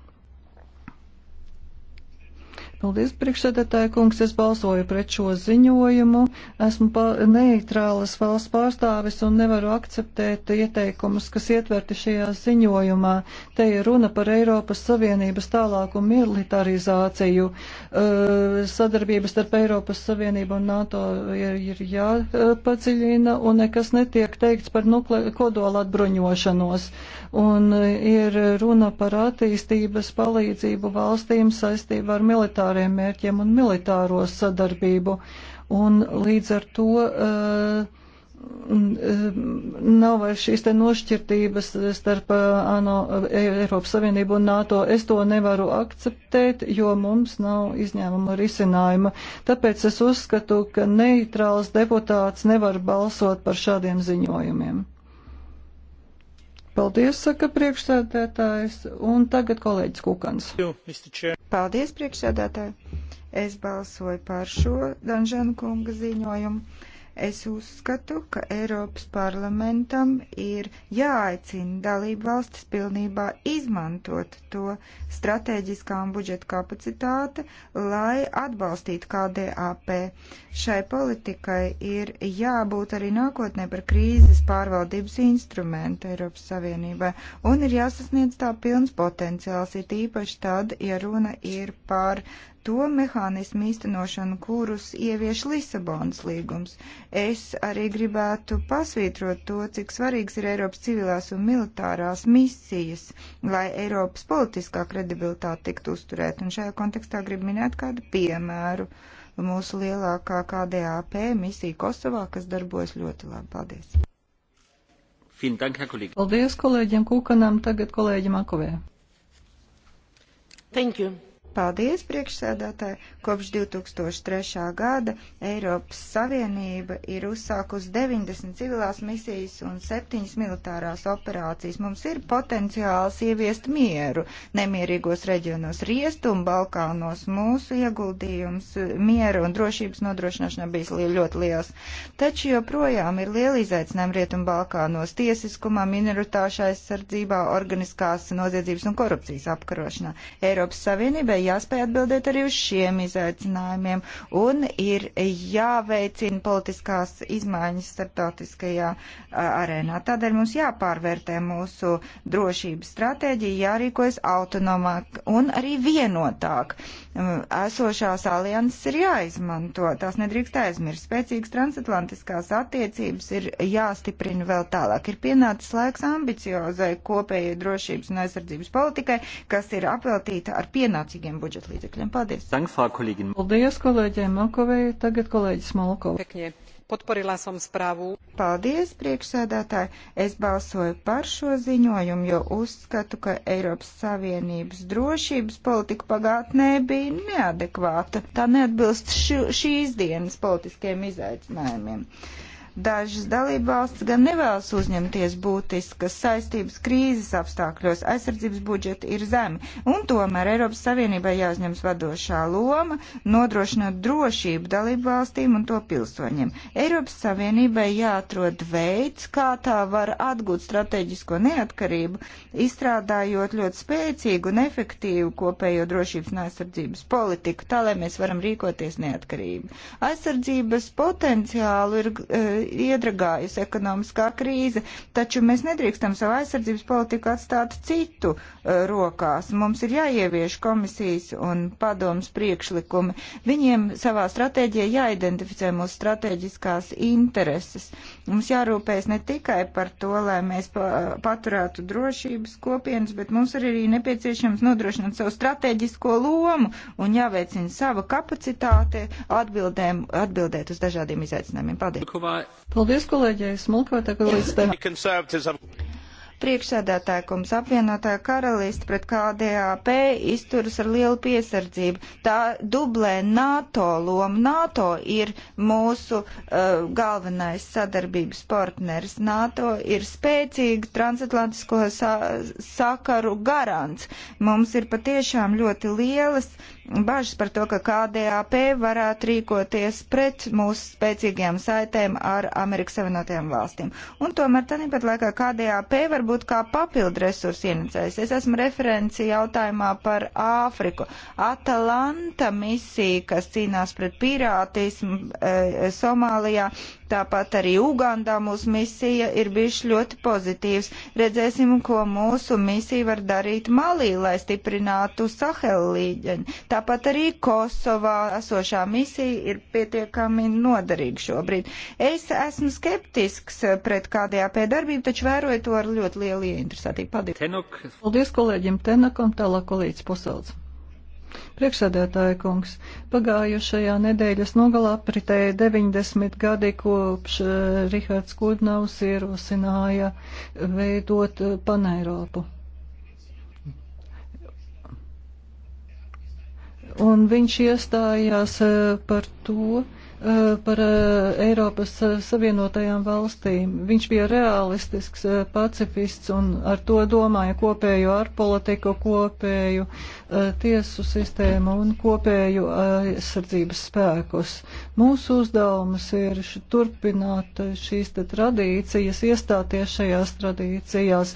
Paldies, priekšsēdētāja kungs, es balsoju pret šo ziņojumu. Esmu neitrālas valsts pārstāvis un nevaru akceptēt ieteikumus, kas ietverti šajā ziņojumā. Te ir runa par Eiropas Savienības tālāku militarizāciju. Uh, sadarbības starp Eiropas Savienību un NATO ir, ir jāpadziļina un nekas netiek teikts par nukle, kodola atbruņošanos. Un ir runa par attīstības palīdzību valstīm saistībā ar militāru militāriem mērķiem un militāro sadarbību. Un līdz ar to eh, eh, nav vairs šīs te nošķirtības starp eh, ANO, e, Eiropas Savienību un NATO. Es to nevaru akceptēt, jo mums nav izņēmuma risinājuma. Tāpēc es uzskatu, ka neitrāls deputāts nevar balsot par šādiem ziņojumiem. Paldies, saka priekšsēdētājs, un tagad kolēģis Kukans. Paldies, priekšsēdētāji. Es balsoju par šo Danžana kunga ziņojumu Es uzskatu, ka Eiropas parlamentam ir jāaicina dalību valstis pilnībā izmantot to strateģiskā un budžeta kapacitāte, lai atbalstītu KDAP. Šai politikai ir jābūt arī nākotnē par krīzes pārvaldības instrumentu Eiropas Savienībai, un ir jāsasniedz tā pilns potenciāls, ir tīpaši tad, ja runa ir par to mehānismu īstenošanu, kurus ievieš Lisabonas līgums. Es arī gribētu pasvītrot to, cik svarīgs ir Eiropas civilās un militārās misijas, lai Eiropas politiskā kredibilitāte tiktu uzturēta. Un šajā kontekstā gribu minēt kādu piemēru mūsu lielākā KDAP misija Kosovā, kas darbojas ļoti labi. Paldies! Paldies kolēģiem Kūkanam, tagad kolēģim Akovē. Thank you. Paldies, priekšsēdētāji! Kopš 2003. gada Eiropas Savienība ir uzsākusi 90 civilās misijas un 7 militārās operācijas. Mums ir potenciāls ieviest mieru nemierīgos reģionos Riestumu, Balkānos. Mūsu ieguldījums miera un drošības nodrošināšanā bijis li ļoti liels. Taču joprojām ir liela izaicinājuma Rietumu Balkānos tiesiskumā, minoritāšu aizsardzībā, organiskās noziedzības un korupcijas apkarošanā. Eiropas Savienībai jāspēj atbildēt arī uz šiem izaicinājumiem un ir jāveicina politiskās izmaiņas starptautiskajā arēnā. Tādēļ mums jāpārvērtē mūsu drošības stratēģija, jārīkojas autonomāk un arī vienotāk. Esošās alianses ir jāizmanto, tās nedrīkst aizmirst. Spēcīgas transatlantiskās attiecības ir jāstiprina vēl tālāk. Ir pienācis laiks ambiciozai kopējai drošības un aizsardzības politikai, kas ir apveltīta ar pienācīgiem pieejamiem budžeta līdzekļiem. Paldies! Paldies kolēģiem Makovei, tagad kolēģis Malkovei podporila som správu. Paldies, priekšsēdētāji! Es balsoju par šo ziņojumu, jo uzskatu, ka Eiropas Savienības drošības politika pagātnē bija neadekvāta. Tā neatbilst ši, šīs dienas politiskajiem izaicinājumiem. Uh, Dažas dalībvalstis gan nevēlas uzņemties būtiskas saistības krīzes apstākļos, aizsardzības budžeti ir zemi, un tomēr Eiropas Savienībai jāuzņems vadošā loma, nodrošinot drošību dalībvalstīm un to pilsoņiem. Eiropas Savienībai jāatrod veids, kā tā var atgūt strateģisko neatkarību, izstrādājot ļoti spēcīgu un efektīvu kopējo drošības un aizsardzības politiku, tā lai mēs varam rīkoties neatkarīgi. Aizsardzības potenciālu ir eh, iedragājusi ekonomiskā krīze, taču mēs nedrīkstam savu aizsardzības politiku atstāt citu uh, rokās. Mums ir jāievieš komisijas un padomas priekšlikumi. Viņiem savā stratēģijā jāidentificē mūsu strateģiskās intereses. Mums jārūpēs ne tikai par to, lai mēs uh, paturētu drošības kopienas, bet mums arī ir nepieciešams nodrošināt savu strateģisko lomu un jāveicina sava kapacitāte atbildēm, atbildēt uz dažādiem izaicinājumiem. Paldies! Paldies, kolēģi, smulkot, ka līdz tev priekšsēdētājkums apvienotā karalista pret KDAP izturas ar lielu piesardzību. Tā dublē NATO lomu. NATO ir mūsu uh, galvenais sadarbības partneris. NATO ir spēcīga transatlantisko sa sakaru garants. Mums ir patiešām ļoti lielas bažas par to, ka KDAP varētu rīkoties pret mūsu spēcīgajām saitēm ar Amerikas Savienotajām valstīm. Un tomēr tāpat laikā KDAP var būt kā papildu resursu ienicējs. Es esmu referenci jautājumā par Āfriku. Atalanta misija, kas cīnās pret pirātismu e, Somālijā, Tāpat arī Ugandā mūsu misija ir bijuši ļoti pozitīvs. Redzēsim, ko mūsu misija var darīt Malī, lai stiprinātu Sahel līģeni. Tāpat arī Kosovā esošā misija ir pietiekami noderīga šobrīd. Es esmu skeptisks pret KDAP darbību, taču vēroju to ar ļoti lielu ieinteresētību. Paldies! Tenuk. Paldies kolēģim Tenakam, tālāk kolēģis Posauds. Priekšsēdētāja kungs, pagājušajā nedēļas nogalā apritēja 90 gadi, kopš eh, Rihards Kudnaus ierosināja veidot eh, paneiropu. Un viņš iestājās eh, par to, Eh, par eh, Eiropas eh, Savienotajām valstīm. Viņš bija realistisks pacifists un ar to domāja kopēju ārpolitiku, kopēju tiesu sistēmu un kopēju aizsardzības spēkus. Mūsu uzdevums ir turpināt šīs te tradīcijas, iestāties šajās tradīcijās.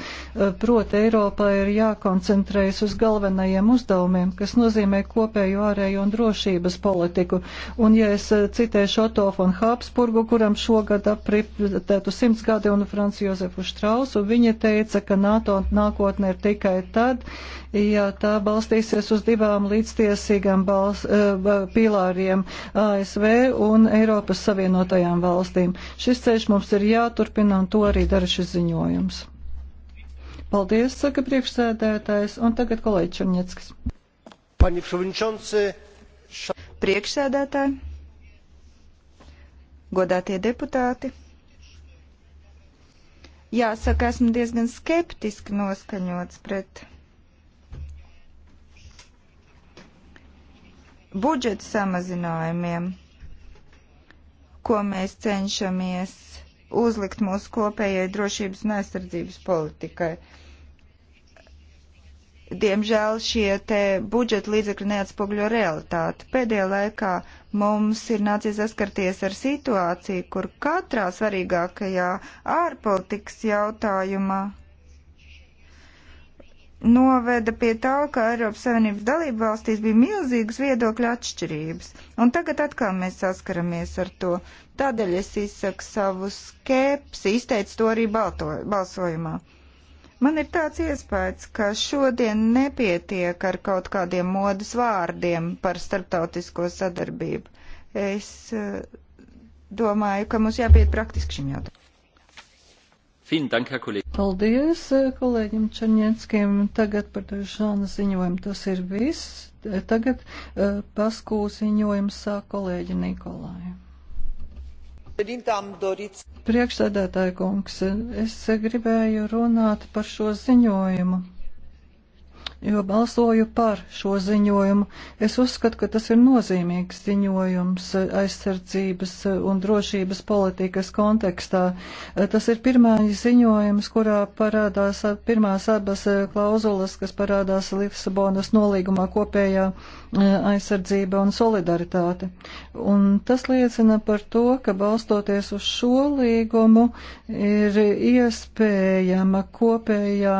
Proti, Eiropā ir jākoncentrējas uz galvenajiem uzdevumiem, kas nozīmē kopēju ārēju un drošības politiku. Un, ja es citu novērtējuši Otto von Habsburgu, kuram šogad apriptētu simts gadi un Franci Jozefu Štrausu. Viņa teica, ka NATO nākotne ir tikai tad, ja tā balstīsies uz divām līdztiesīgām bals, eh, pīlāriem ASV un Eiropas Savienotajām valstīm. Šis ceļš mums ir jāturpina un to arī dara šis ziņojums. Paldies, saka priekšsēdētājs, un tagad kolēģis Černieckis. Priekšsēdētāji, godātie deputāti. Jāsaka, esmu diezgan skeptiski noskaņots pret budžeta samazinājumiem, ko mēs cenšamies uzlikt mūsu kopējai drošības un aizsardzības politikai. Uh, Diemžēl šie te budžeta līdzekļi neatspogļo realitāti. Pēdējā laikā mums ir nācies saskarties ar situāciju, kur katrā svarīgākajā ārpolitikas jautājumā noveda pie tā, ka Eiropas Savienības dalību valstīs bija milzīgas viedokļa atšķirības. Un tagad atkal mēs saskaramies ar to. Tādēļ es izsaku savu skepsi, izteicu to arī balto, balsojumā. Man ir tāds iespējas, ka šodien nepietiek ar kaut kādiem modas vārdiem par starptautisko sadarbību. Es eh, domāju, ka mums jāpiet praktiski šim jautājumam. Paldies eh, kolēģim Černieckiem. Tagad par Žāna ziņojumu tas ir viss. Tagad uh, paskū ziņojumu sāk kolēģi Nikolai. Priekšsēdētāja kungs, es gribēju runāt par šo ziņojumu jo balsoju par šo ziņojumu. Es uzskatu, ka tas ir nozīmīgs ziņojums aizsardzības un drošības politikas kontekstā. Tas ir pirmais ziņojums, kurā parādās pirmās abas e, klauzulas, kas parādās Lisabonas nolīgumā kopējā e, aizsardzība un solidaritāte. Un tas liecina par to, ka balstoties uz šo līgumu ir iespējama kopējā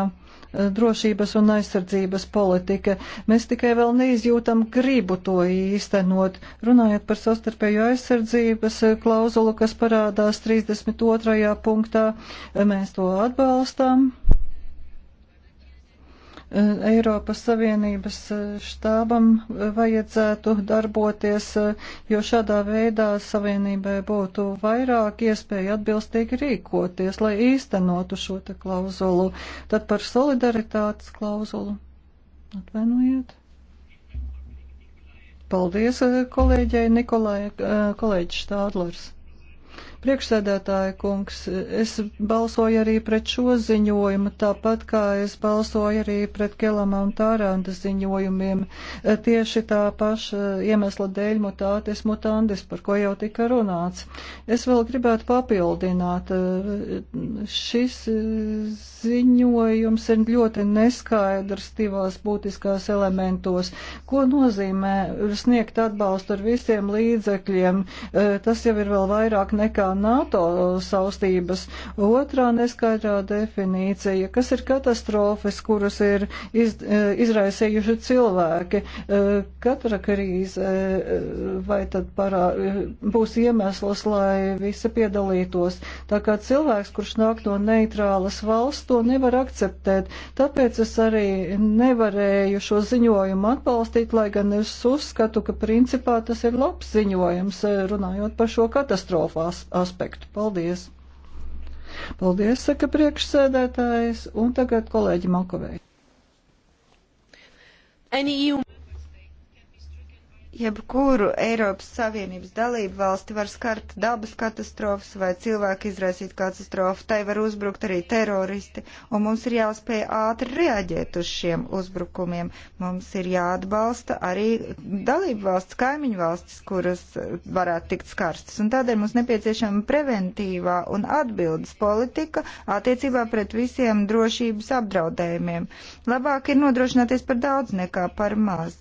Eh, drošības un aizsardzības politika. Mēs tikai vēl neizjūtam gribu to īstenot. Runājot par sastarpēju aizsardzības eh, klauzulu, kas parādās 32. punktā, eh, mēs to atbalstām. Eh, Eiropas Savienības eh, štābam eh, vajadzētu darboties, jo šādā veidā Savienībai būtu vairāk iespēja atbilstīgi rīkoties, lai īstenotu šo te klauzulu. Tad par solidaritātes klauzulu. Atvainojiet. Paldies kolēģei Nikolai, kolēģis Štādlers. Priekšsēdētāja kungs, es balsoju arī pret šo ziņojumu, tāpat kā es balsoju arī pret Kelama un Tāranda ziņojumiem. Tieši tā paša iemesla dēļ mutātis mutandis, par ko jau tika runāts. Es vēl gribētu papildināt. Šis ziņojums ir ļoti neskaidrs divās būtiskās elementos. Ko nozīmē sniegt atbalstu ar visiem līdzekļiem? Tas jau ir vēl vairāk nekā NATO saustības. Otrā neskaidrā definīcija, kas ir katastrofas, kuras ir iz, e, izraisījuši cilvēki. E, katra krīze e, vai tad parā, būs iemesls, lai visi piedalītos. Tā kā cilvēks, kurš nāk no neitrālas valsts, to nevar akceptēt. Tāpēc es arī nevarēju šo ziņojumu atbalstīt, lai gan es uzskatu, ka principā tas ir labs ziņojums, runājot par šo katastrofu aspektu. Paldies! Paldies, saka priekšsēdētājs, un tagad kolēģi Makovei jebkuru Eiropas Savienības dalību valsti var skart dabas katastrofas vai cilvēku izraisīt katastrofu, tai var uzbrukt arī teroristi, un mums ir jāspēj ātri reaģēt uz šiem uzbrukumiem. Mums ir jāatbalsta arī dalību valsts, kaimiņu valstis, kuras varētu tikt skarstas, un tādēļ mums nepieciešama preventīvā un atbildes politika attiecībā pret visiem drošības apdraudējumiem. Labāk ir nodrošināties par daudz nekā par maz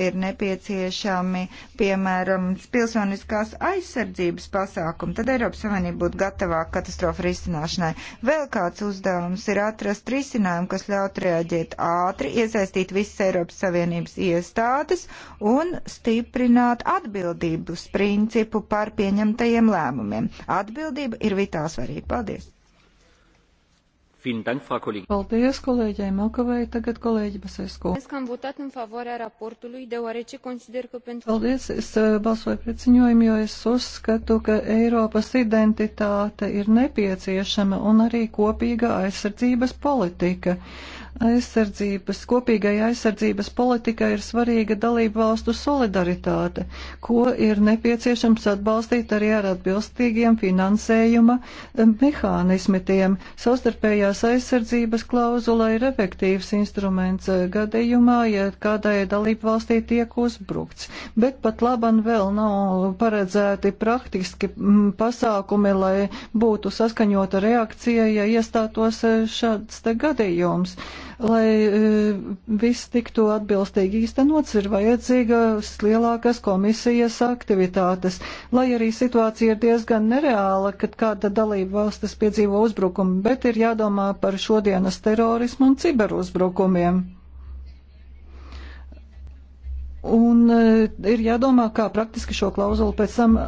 ir nepieciešami, piemēram, pilsoniskās aizsardzības pasākumi, tad Eiropas Savienība būtu gatavāk katastrofu risināšanai. Vēl kāds uzdevums ir atrast risinājumu, kas ļaut reaģēt ātri, iesaistīt visas Eiropas Savienības iestādes un stiprināt atbildības principu par pieņemtajiem lēmumiem. Atbildība ir vitālsvarīga. Paldies! Paldies kolēģei Makovei, tagad kolēģi Basesku. Paldies, es eh, balsoju pret ziņojumu, jo es uzskatu, ka Eiropas identitāte ir nepieciešama un arī kopīga aizsardzības politika aizsardzības, kopīgai aizsardzības politikai ir svarīga dalību valstu solidaritāte, ko ir nepieciešams atbalstīt arī ar atbilstīgiem finansējuma eh, mehānismitiem. Savstarpējās aizsardzības klauzula ir efektīvs instruments eh, gadījumā, ja kādai dalību valstī tiek uzbrukts, bet pat laban vēl nav paredzēti praktiski mm, pasākumi, lai būtu saskaņota reakcija, ja iestātos eh, šāds te gadījums. Lai e, viss tiktu atbilstīgi īstenots, ir vajadzīgas lielākas komisijas aktivitātes. Lai arī situācija ir diezgan nereāla, kad kāda dalība valstis piedzīvo uzbrukumu, bet ir jādomā par šodienas terorismu un ciberuzbrukumiem. Un e, ir jādomā, kā praktiski šo klauzulu pēc tam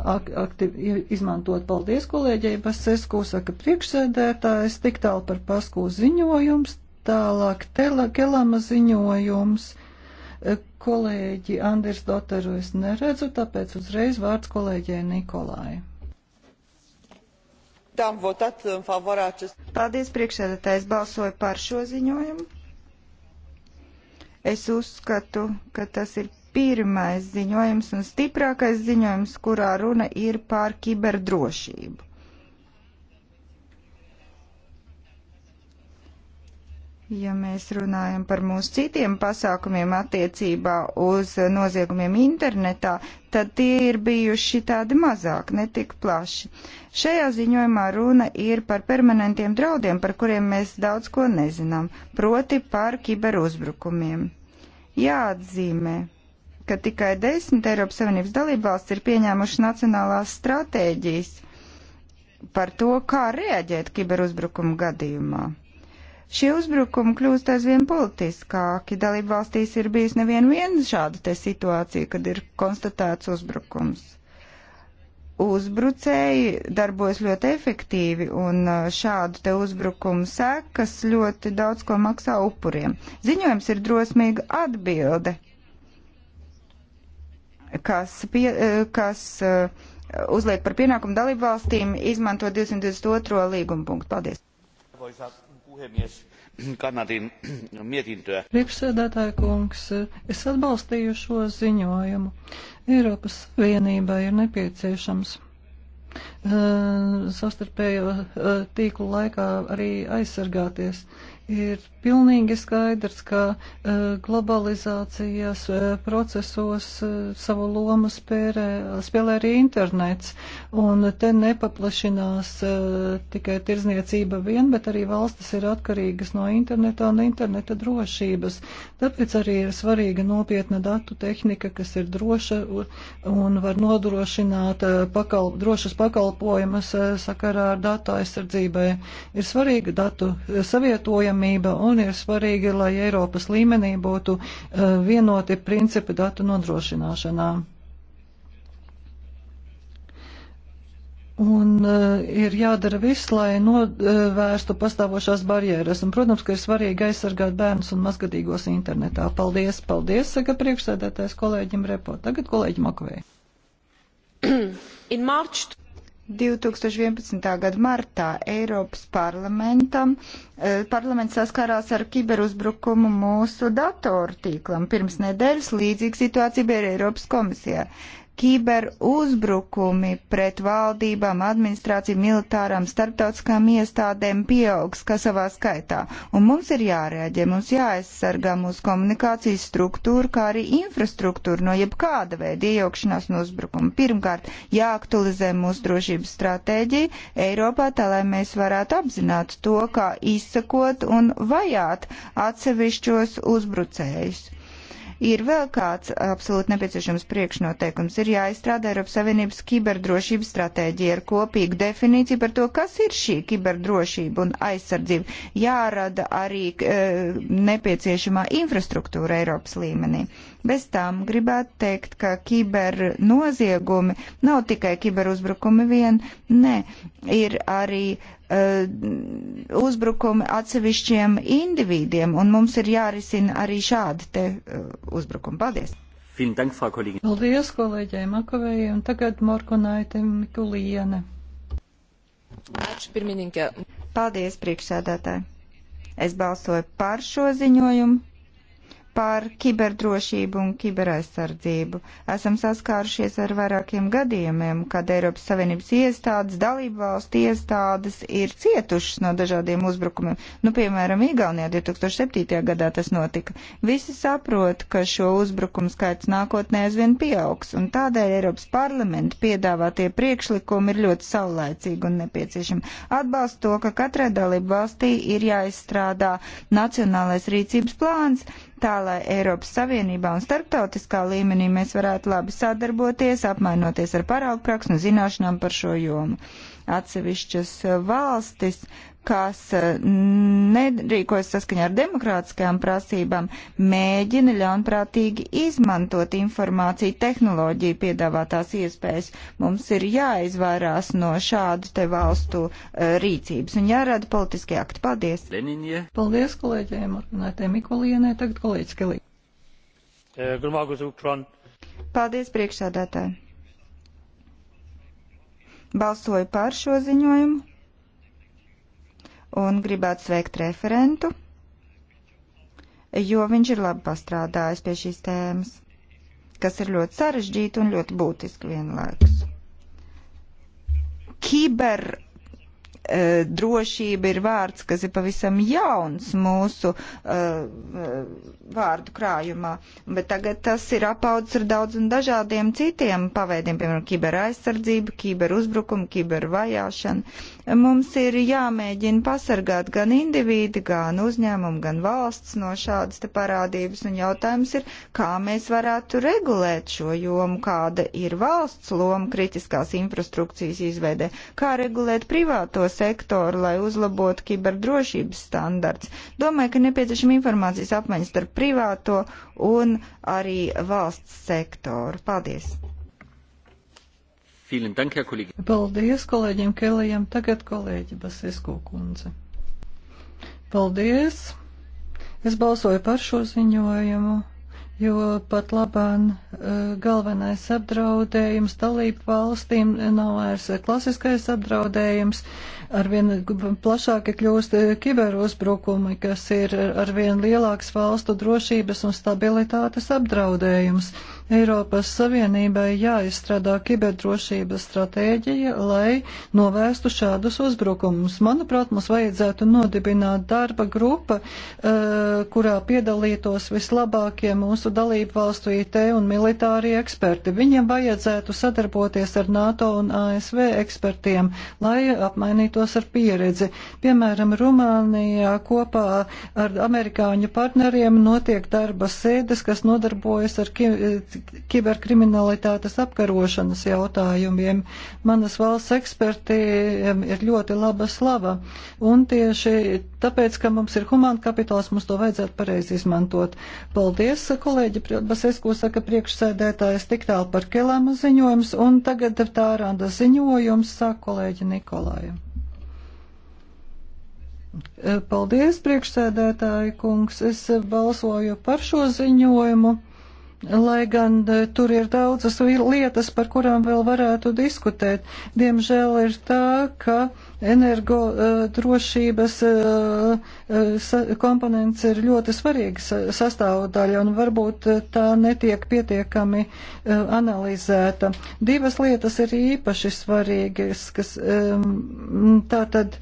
aktīvi izmantot. Paldies kolēģei Basesku, saka priekšsēdētājs, tik tālu par pasku ziņojums. Tālāk telegelama ziņojums. Eh, kolēģi Andris Dotaru es neredzu, tāpēc uzreiz vārds kolēģē Nikolai. Paldies priekšsēdētājs balsoju par šo ziņojumu. Es uzskatu, ka tas ir pirmais ziņojums un stiprākais ziņojums, kurā runa ir par kiberdrošību Ja mēs runājam par mūsu citiem pasākumiem attiecībā uz noziegumiem internetā, tad tie ir bijuši tādi mazāk, netik plaši. Šajā ziņojumā runa ir par permanentiem draudiem, par kuriem mēs daudz ko nezinām, proti par kiberuzbrukumiem. Jāatzīmē, ka tikai desmit Eiropas Savienības dalībvalsts ir pieņēmuši nacionālās stratēģijas par to, kā reaģēt kiberuzbrukumu gadījumā Šie uzbrukumi kļūst aizvien politiskāki. Dalību valstīs ir bijis nevien viena šāda te situācija, kad ir konstatēts uzbrukums. Uzbrucēji darbojas ļoti efektīvi un šādu te uzbrukumu sekas ļoti daudz ko maksā upuriem. Ziņojums ir drosmīga atbilde, kas, pie, kas uzliek par pienākumu dalību valstīm izmanto 222. līguma punktu. Paldies! puhemies kannatin mietintöä. Priekšsēdētāja kungs, es atbalstīju šo ziņojumu. Eiropas Savienībai ir nepieciešams eh, savstarpējo eh, tīklu laikā arī aizsargāties. Ir Pilnīgi skaidrs, ka eh, globalizācijas eh, procesos eh, savu lomu spēlē, spēlē arī internets, un te nepaplašinās tikai tirzniecība vien, bet arī valstis ir atkarīgas no interneta un interneta drošības. Tāpēc arī ir svarīga nopietna datu tehnika, kas ir droša un var nodrošināt pakal, drošas pakalpojumus sakarā ar datu aizsardzībai. Ir svarīga datu savietojamība un un ir svarīgi, lai Eiropas līmenī būtu eh, vienoti principi datu nodrošināšanā. Un uh, ir jādara viss, lai novērstu pastāvošās barjeras. Un, protams, ka ir svarīgi aizsargāt bērnus un mazgadīgos internetā. Paldies, paldies, saka priekšsēdētājs kolēģim Repo. Tagad kolēģi Makvei. 2011. gada martā Eiropas parlamentam, eh, parlaments saskārās ar kiberuzbrukumu mūsu datoru tīklam. Pirms nedēļas līdzīga situācija bija Eiropas komisijā. Kiberuzbrukumi pret valdībām, administrāciju, militārām, starptautiskām iestādēm pieaugs, kas savā skaitā. Un mums ir jārēģē, mums jāaizsargā mūsu komunikācijas struktūra, kā arī infrastruktūra no jebkāda veida iejaukšanās un uzbrukuma. Pirmkārt, jāaktualizē mūsu drošības stratēģija Eiropā, tā lai mēs varētu apzināt to, kā izsakot un vajāt atsevišķos uzbrucējus. Ir vēl kāds absolūti nepieciešams priekšnoteikums. Ir jāizstrādā Eiropas Savienības kiberdrošības stratēģija ar kopīgu definīciju par to, kas ir šī kiberdrošība un aizsardzība. Jārada arī e, nepieciešamā infrastruktūra Eiropas līmenī. Bez tām gribētu teikt, ka kibernoziegumi nav tikai kiberuzbrukumi vien, nē, ir arī uh, uzbrukumi atsevišķiem individiem, un mums ir jārisina arī šādi te uh, uzbrukumi. Paldies! Paldies kolēģiem Makavējai un tagad Morkonaitim Mikuliene. Paldies priekšsēdētāji. Es balsoju par šo ziņojumu par kiberdrošību un kiberaizsardzību. Esam saskārušies ar vairākiem gadījumiem, kad Eiropas Savienības iestādes, dalību valstu iestādes ir cietušas no dažādiem uzbrukumiem. Nu, piemēram, Igaunijā 2007. gadā tas notika. Visi saprot, ka šo uzbrukumu skaits nākotnē aizvien pieaugs, un tādēļ Eiropas parlamenta piedāvātie priekšlikumi ir ļoti saulēcīgi un nepieciešami. Atbalstu to, ka katrai dalību valstī ir jāizstrādā nacionālais rīcības plāns, tā lai Eiropas Savienībā un starptautiskā līmenī mēs varētu labi sadarboties, apmainoties ar paraugu praksu un zināšanām par šo jomu. Atsevišķas valstis kas eh, nerīkojas saskaņā ar demokrātiskajām prasībām, mēģina ļaunprātīgi izmantot informāciju, tehnoloģiju piedāvātās iespējas. Mums ir jāizvairās no šādu te valstu uh, rīcības un jārada politiskie akti. Paldies! Leninie. Paldies kolēģiem, Margunētē Mikolienē, tagad kolēģis Kelī. Eh, Paldies priekšsādātāji! Balsoju par šo ziņojumu un gribētu sveikt referentu, jo viņš ir labi pastrādājis pie šīs tēmas, kas ir ļoti sarežģīta un ļoti būtiska vienlaikus. Kiber eh, drošība ir vārds, kas ir pavisam jauns mūsu eh, eh vārdu krājumā, bet tagad tas ir apaudzis ar daudz un dažādiem citiem paveidiem, piemēram, kiber aizsardzība, kiber uzbrukumi, kiber vajāšana. Mums ir jāmēģina pasargāt gan individi, gan uzņēmumu, gan valsts no šādas te parādības, un jautājums ir, kā mēs varētu regulēt šo jomu, kāda ir valsts loma kritiskās infrastrukcijas izveidē, kā regulēt privāto sektoru, lai uzlabotu kiberdrošības standarts. Domāju, ka nepieciešama informācijas apmaiņas starp privāto un arī valsts sektoru. Paldies! Paldies kolēģiem Kelijam. Tagad kolēģi Basisko kundze. Paldies. Es balsoju par šo ziņojumu, jo pat labāk eh, galvenais apdraudējums dalību valstīm nav vairs klasiskais apdraudējums. Arvien plašāki kļūst eh, kiberuzbrukumi, kas ir arvien lielāks valstu drošības un stabilitātes apdraudējums Eiropas Savienībai jāizstrādā kiberdrošības stratēģija, lai novērstu šādus uzbrukumus. Manuprāt, mums vajadzētu nodibināt darba grupa, eh, kurā piedalītos vislabākie mūsu dalību valstu IT un militārie eksperti. Viņiem vajadzētu sadarboties ar NATO un ASV ekspertiem, lai apmainītos ar pieredzi. Piemēram, Rumānijā kopā ar amerikāņu partneriem notiek darba sēdes, kas nodarbojas ar kiberkriminalitātes apkarošanas jautājumiem. Manas valsts ekspertiem ir ļoti laba slava, un tieši tāpēc, ka mums ir humāna kapitāls, mums to vajadzētu pareizi izmantot. Paldies, kolēģi Basesko saka priekšsēdētājs tik tālu par Kelēma ziņojums, un tagad tā randa ziņojums sāk kolēģi Nikolājam. Paldies, priekšsēdētāji kungs. Es balsoju par šo ziņojumu lai gan e, tur ir daudzas lietas, par kurām vēl varētu diskutēt. Diemžēl ir tā, ka energo e, drošības e, komponents ir ļoti svarīgs sastāvdaļa un varbūt tā netiek pietiekami analizēta. Divas lietas ir īpaši svarīgas, kas tā tad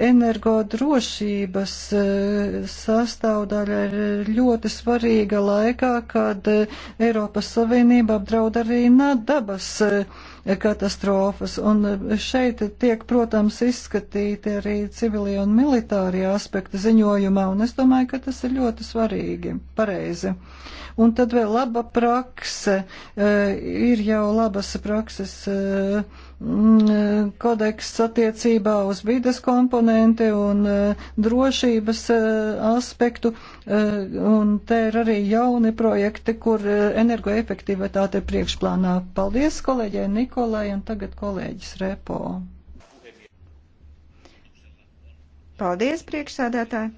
energodrošības eh, sastāvdaļa ir ļoti svarīga laikā, kad eh, Eiropas Savienība apdraud arī dabas eh, katastrofas. Un šeit tiek, protams, izskatīti arī civilie un militārie aspekti ziņojumā, un es domāju, ka tas ir ļoti svarīgi, pareizi. Un tad vēl laba prakse. Ir jau labas prakses Mm, eh, kodeks attiecībā uz vides komponenti un eh, drošības eh, aspektu, un te ir arī jauni projekti, kur energoefektivitāte ir priekšplānā. Paldies kolēģei Nikolai un tagad kolēģis Repo. Paldies, priekšsādātāji!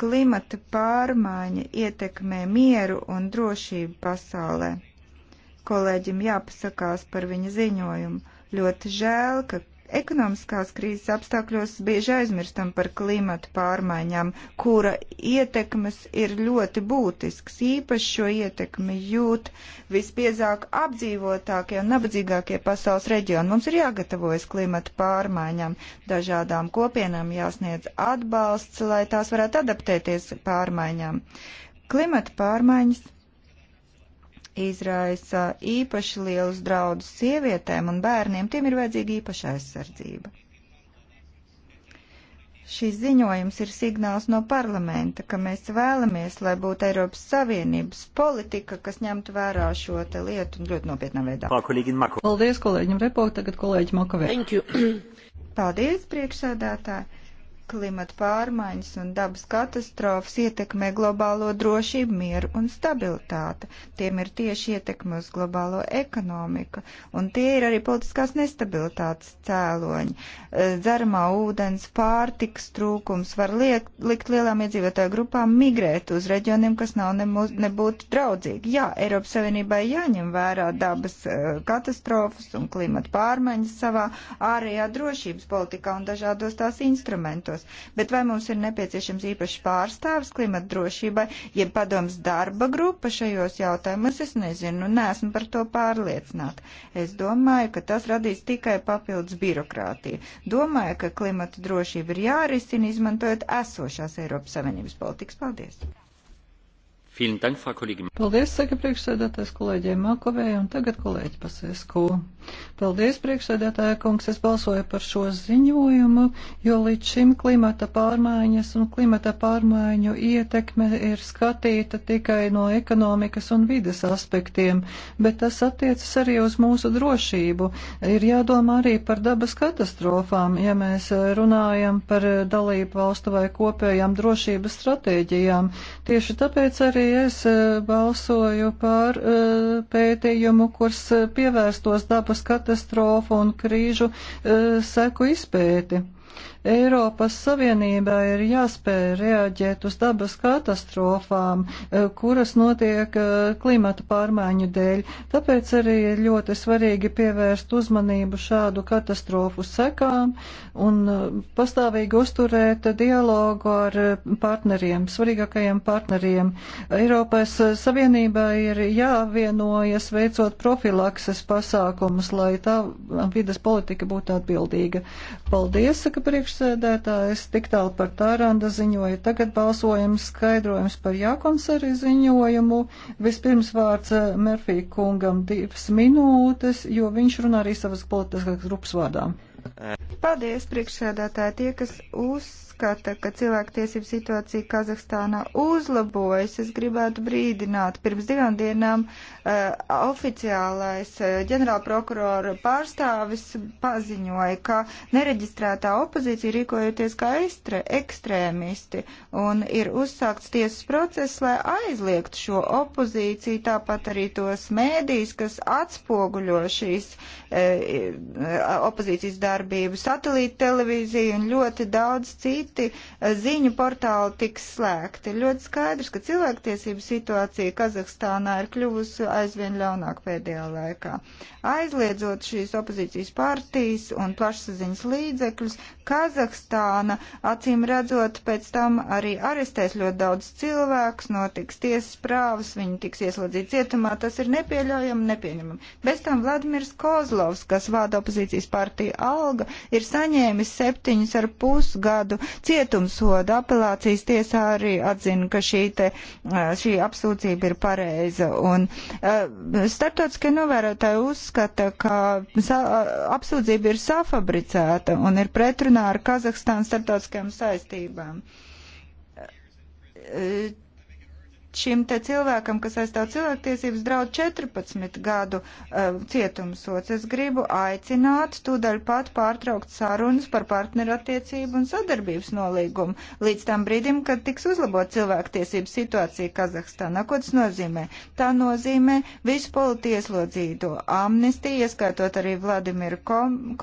Klimata pārmaiņa ietekmē mieru un drošību pasaulē. Kolēģim jāpasakās par viņa ziņojumu Ļoti žēl, ka ekonomiskās krīzes apstākļos bieži aizmirstam par klimatu pārmaiņām, kura ietekmes ir ļoti būtisks. Īpaši šo ietekmi jūt vispiezāk apdzīvotākie un nabadzīgākie pasaules reģioni. Mums ir jāgatavojas klimatu pārmaiņām, dažādām kopienām jāsniedz atbalsts, lai tās varētu adaptēties pārmaiņām. Klimata pārmaiņas izraisa īpaši lielus draudus sievietēm un bērniem, tiem ir vajadzīga īpaša aizsardzība. Šis ziņojums ir signāls no parlamenta, ka mēs vēlamies, lai būtu Eiropas Savienības politika, kas ņemtu vērā šo te lietu ļoti nopietnā veidā. Paldies kolēģim Repo, tagad kolēģi Makavē. Paldies, priekšsēdētāji klimata pārmaiņas un dabas katastrofas ietekmē globālo drošību, mieru un stabilitāti. Tiem ir tieši ietekme uz globālo ekonomiku, un tie ir arī politiskās nestabilitātes cēloņi. E, dzeramā ūdens, pārtiks trūkums var liek, likt lielām iedzīvotāju grupām migrēt uz reģioniem, kas nav nemūs, nebūtu draudzīgi. Jā, Eiropas Savienībai jāņem vērā dabas e, katastrofas un klimata pārmaiņas savā ārējā drošības politikā un dažādos tās instrumentos ietvaros. Bet vai mums ir nepieciešams īpašs pārstāvis klimata drošībai, ja padoms darba grupa šajos jautājumos, es nezinu, neesmu par to pārliecināta. Es domāju, ka tas radīs tikai papildus birokrātiju. Domāju, ka klimata drošība ir jārisina, izmantojot esošās Eiropas Savienības politikas. Paldies! Paldies, saka priekšsēdētājs kolēģiem Makovei, un tagad kolēģi Pasēsku. Paldies, priekšsēdētāja kungs, es balsoju par šo ziņojumu, jo līdz šim klimata pārmaiņas un klimata pārmaiņu ietekme ir skatīta tikai no ekonomikas un vides aspektiem, bet tas attiecas arī uz mūsu drošību. Ir jādomā arī par dabas katastrofām, ja mēs runājam par dalību valstu vai kopējām drošības stratēģijām. Tieši tāpēc arī Arī es eh, balsoju par eh, pētījumu, kurs eh, pievērstos dabas katastrofu un krīžu seku izpēti. Eiropas Savienībā ir jāspēj reaģēt uz dabas katastrofām, eh, kuras notiek eh, klimata pārmaiņu dēļ. Tāpēc arī ir ļoti svarīgi pievērst uzmanību šādu katastrofu sekām un eh, pastāvīgi uzturēt dialogu ar partneriem, svarīgākajiem partneriem. Eiropas Savienībā ir jāvienojas veicot profilakses pasākumus, lai tā vidas politika būtu atbildīga. Paldies, saka priekš priekšsēdētājs, tik tālu par Tāranda ziņoju. Tagad balsojam skaidrojums par Jākonsari ziņojumu. Vispirms vārds eh, Merfī kungam divas minūtes, jo viņš runā arī savas politiskās grupas vārdām. Paldies, priekšsēdētāji, tie, kas uz uzskata, ka cilvēktiesību situācija Kazahstānā uzlabojas, es gribētu brīdināt. Pirms divām dienām uh, oficiālais uh, ģenerālprokurora pārstāvis paziņoja, ka nereģistrētā opozīcija rīkojoties kā estre, ekstrēmisti un ir uzsākts tiesas process, lai aizliegtu šo opozīciju, tāpat arī tos mēdīs, kas atspoguļo šīs uh, opozīcijas darbību, satelīta televīziju un ļoti daudz citu citi eh, ziņu portāli tiks slēgti. Ir ļoti skaidrs, ka cilvēktiesību situācija Kazahstānā ir kļuvusi aizvien ļaunāk pēdējā laikā. Aizliedzot šīs opozīcijas partijas un plašsaziņas līdzekļus, Kazahstāna acīm redzot pēc tam arī arestēs ļoti daudz cilvēkus, notiks tiesas prāvas, viņi tiks ieslodzīti cietumā, tas ir nepieļaujami, nepieņemami. Bez tam Vladimirs Kozlovs, kas vada opozīcijas partiju Alga, ir saņēmis septiņus ar pusgadu cietumsodu. Apelācijas tiesā arī atzina, ka šī, te, šī apsūdzība ir pareiza. Un, starptautiskie novērotāji uzskata, ka apsūdzība ir safabricēta un ir pretrunā runā ar Kazahstānu starptautiskajām saistībām Šim te cilvēkam, kas aizstāv cilvēktiesības, draud 14 gadu uh, cietumsots. Es gribu aicināt tūdaļ pat pārtraukt sarunas par partnerattiecību un sadarbības nolīgumu līdz tam brīdim, kad tiks uzlabot cilvēktiesību situācija Kazahstānā. Ko tas nozīmē? Tā nozīmē visu politieslodzīto amnestiju, ieskaitot arī Vladimiru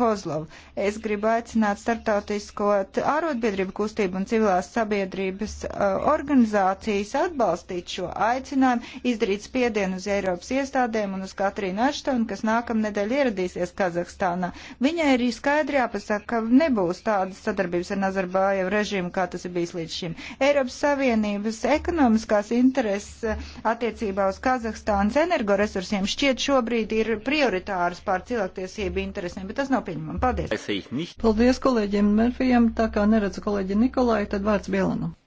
Kozlovu. Es gribu aicināt starptautisko ārotbiedrību kustību un civilās sabiedrības uh, organizācijas atbalstīt izpildīt šo aicinājumu, izdarīt spiedienu uz Eiropas iestādēm un uz Katrīnu Aštonu, kas nākamnedēļ ieradīsies Kazahstānā. Viņai arī skaidri jāpasaka, ka nebūs tādas sadarbības ar Nazarbājevu režīmu, kā tas ir bijis līdz šim. Eiropas Savienības ekonomiskās intereses attiecībā uz Kazahstānas energoresursiem šķiet šobrīd ir prioritāras pār cilvēktiesību interesēm, bet tas nav pieņemami. Paldies! Paldies kolēģiem Merfijam, tā kā neredzu kolēģi Nikolai, tad vārds Bielanam.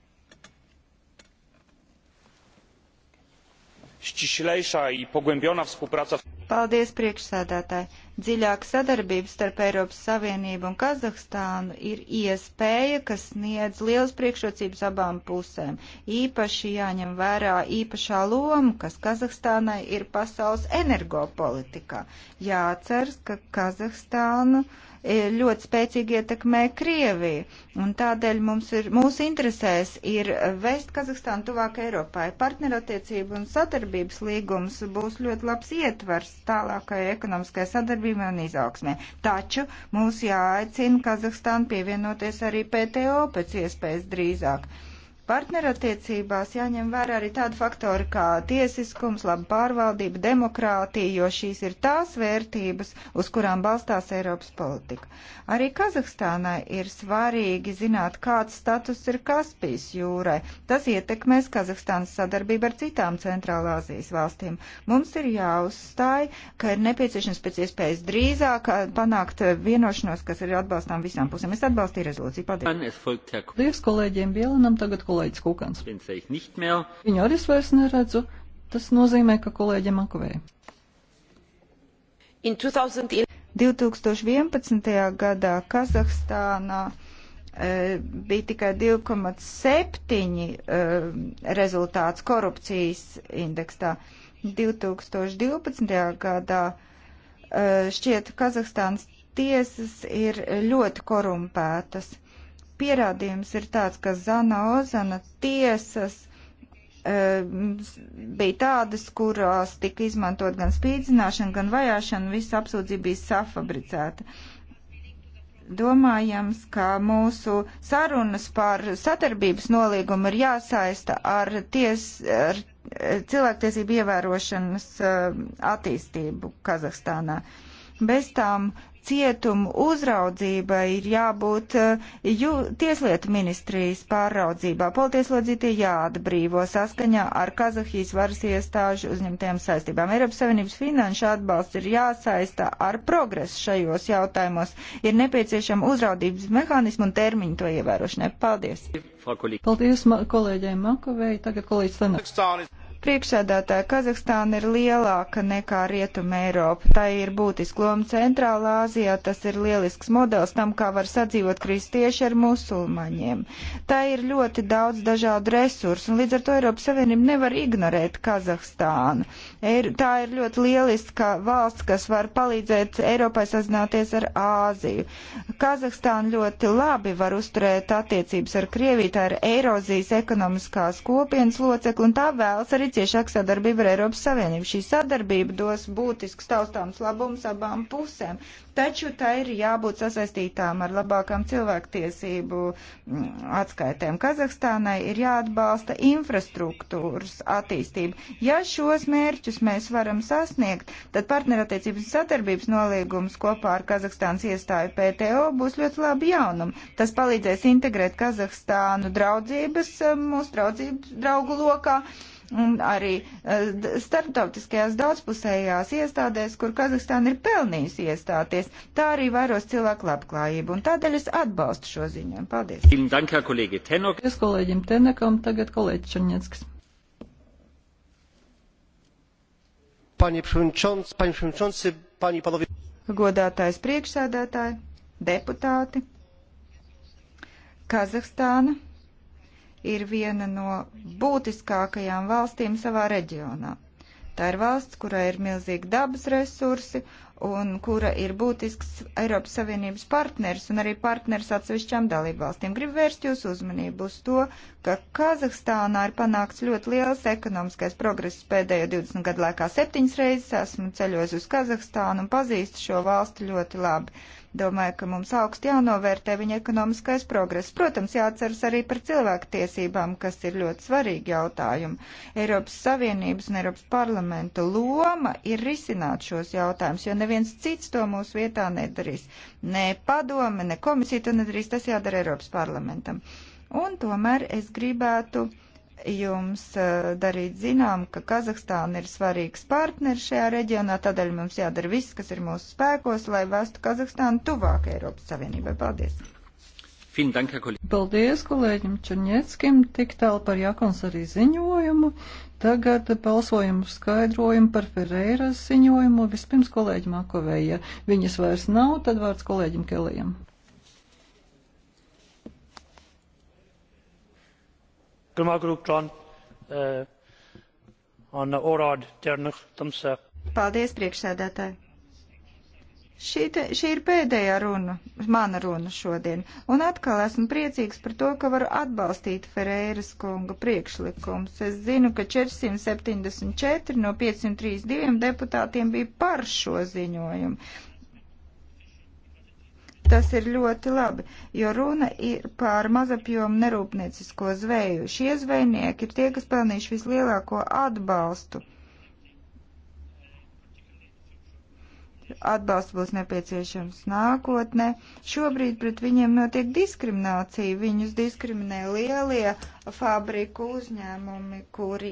ściślejsza i pogłębiona współpraca. Paldies, priekšsēdētāji! Dziļāka sadarbība starp Eiropas Savienību un Kazahstānu ir iespēja, kas sniedz liels priekšrocības abām pusēm. Īpaši jāņem vērā īpašā loma, kas Kazahstānai ir pasaules energopolitikā. Jācers, ka Kazahstānu uh, ļoti spēcīgi ietekmē Krieviju. Un tādēļ mums ir, mūsu interesēs ir vest Kazahstānu tuvāk Eiropai. Partnerattiecību un sadarbības līgums būs ļoti labs ietvers tālākai ekonomiskai sadarbībai un izaugsmē. Taču mums jāaicina Kazahstānu pievienoties arī PTO pēc iespējas drīzāk. Partnerattiecībās jāņem vērā arī tādi faktori kā tiesiskums, laba pārvaldība, demokrātija, jo šīs ir tās vērtības, uz kurām balstās Eiropas politika. Arī Kazahstānai ir svarīgi zināt, kāds status ir Kaspijas jūrai. Tas ietekmēs Kazahstānas sadarbību ar citām Centrālāzijas valstīm. Mums ir jāuzstāj, ka ir nepieciešams pēc iespējas drīzāk eh, panākt eh, vienošanos, kas ir atbalstām visām pusēm. Es atbalstīju rezolūciju. Paldies. Paldies kolēģiem Bielanam. Tagad kolēģiem kolēģis Kukans. Viņu arī es vairs neredzu. Tas nozīmē, ka kolēģi Makovē. 2011. gadā Kazahstānā e, bija tikai 2,7 e, rezultāts korupcijas indeksā. 2012. gadā e, šķiet Kazahstānas tiesas ir ļoti korumpētas pierādījums ir tāds, ka Zana Ozana tiesas e, bija tādas, kurās tika izmantot gan spīdzināšana, gan vajāšana, visa apsūdzība bija safabricēta. Domājams, ka mūsu sarunas par satarbības nolīgumu ir jāsaista ar, ties, ar eh, cilvēktiesību ievērošanas eh, attīstību Kazahstānā. Bez tām cietumu uzraudzībai ir jābūt eh, jū, tieslietu ministrijas pāraudzībā. Politieslodzītie jāatbrīvo saskaņā ar Kazahijas varas iestāžu uzņemtajām saistībām. Eiropas Savienības finanšu atbalsts ir jāsaista ar progresu šajos jautājumos. Ir nepieciešama uzraudzības mehānismu un termiņu to ievērošanai. Paldies! Paldies kolēģiem Makovei, tagad kolēģis Lenārs. Priekšsēdētāja Kazahstāna ir lielāka nekā Rietuma Eiropa. Tā ir būtiska loma Centrālā Āzijā, tas ir lielisks modelis tam, kā var sadzīvot kristieši ar musulmaņiem. Tā ir ļoti daudz dažādu resursu, un līdz ar to Eiropas Savienība nevar ignorēt Kazahstānu. Eir, tā ir ļoti lieliska valsts, kas var palīdzēt Eiropai sazināties ar Āziju. Kazahstāna ļoti labi var uzturēt attiecības ar Krieviju, tā ir Eirozijas ekonomiskās kopienas locekla, un tā vēlas arī arī ciešāka sadarbība ar Eiropas Savienību. Šī sadarbība dos būtisks taustāms labums abām pusēm, taču tā ir jābūt sasaistītām ar labākām cilvēktiesību mm, atskaitēm. Kazahstānai ir jāatbalsta infrastruktūras attīstība. Ja šos mērķus mēs varam sasniegt, tad partnerattiecības sadarbības nolīgums kopā ar Kazahstānas iestāju PTO būs ļoti labi jaunumi. Tas palīdzēs integrēt Kazahstānu draudzības, eh, mūsu draudzības draugu lokā. Uh, un arī eh, starptautiskajās daudzpusējās iestādēs, kur Kazahstāna ir pelnījusi iestāties. Tā arī vairos cilvēku labklājību, un tādēļ es atbalstu šo ziņojumu. Paldies! Paldies kolēģim Tenekam, tagad kolēģis Čaņecks. Panie Przewodniczący, Panie i Panowie. Godātais priekšsēdētāji, deputāti, Kazahstāna ir viena no būtiskākajām valstīm savā reģionā. Tā ir valsts, kurā ir milzīgi dabas resursi un kura ir būtisks Eiropas Savienības partners un arī partners atsevišķām dalībvalstīm. Gribu vērst jūsu uzmanību uz to, ka Kazahstānā ir panākts ļoti liels ekonomiskais progress pēdējo 20 gadu laikā. Septiņas reizes esmu ceļojis uz Kazahstānu un pazīstu šo valstu ļoti labi. Domāju, ka mums augsti jānovērtē viņa ekonomiskais progress. Protams, jāatceras arī par cilvēktiesībām, kas ir ļoti svarīgi jautājumi. Eiropas Savienības un Eiropas parlamenta loma ir risināt šos jautājumus, jo neviens cits to mūsu vietā nedarīs. Ne padome, ne komisija to nedarīs, tas jādara Eiropas parlamentam. Un tomēr es gribētu jums eh, darīt zinām, ka Kazahstāna ir svarīgs partneris šajā reģionā, tādēļ mums jādara viss, kas ir mūsu spēkos, lai vestu Kazahstānu tuvāk Eiropas Savienībai. Paldies! Paldies kolēģim Černieckim, tik tālu par Jakons arī ziņojumu. Tagad balsojumu skaidrojumu par Ferreiras ziņojumu. Vispirms kolēģim Akovēja. Viņas vairs nav, tad vārds kolēģim Kelijam. Eh, Paldies, priekšsēdētāji! Šī, te, šī ir pēdējā runa, mana runa šodien, un atkal esmu priecīgs par to, ka varu atbalstīt Ferēras kunga priekšlikums. Es zinu, ka 474 no 532 deputātiem bija par šo ziņojumu. Tas ir ļoti labi, jo runa ir par mazapjomu nerūpniecisko zveju. Šie zvejnieki ir tie, kas pelnījuši vislielāko atbalstu. Atbalsts būs nepieciešams nākotnē. Šobrīd pret viņiem notiek diskriminācija. Viņus diskriminē lielie fabriku uzņēmumi, kuri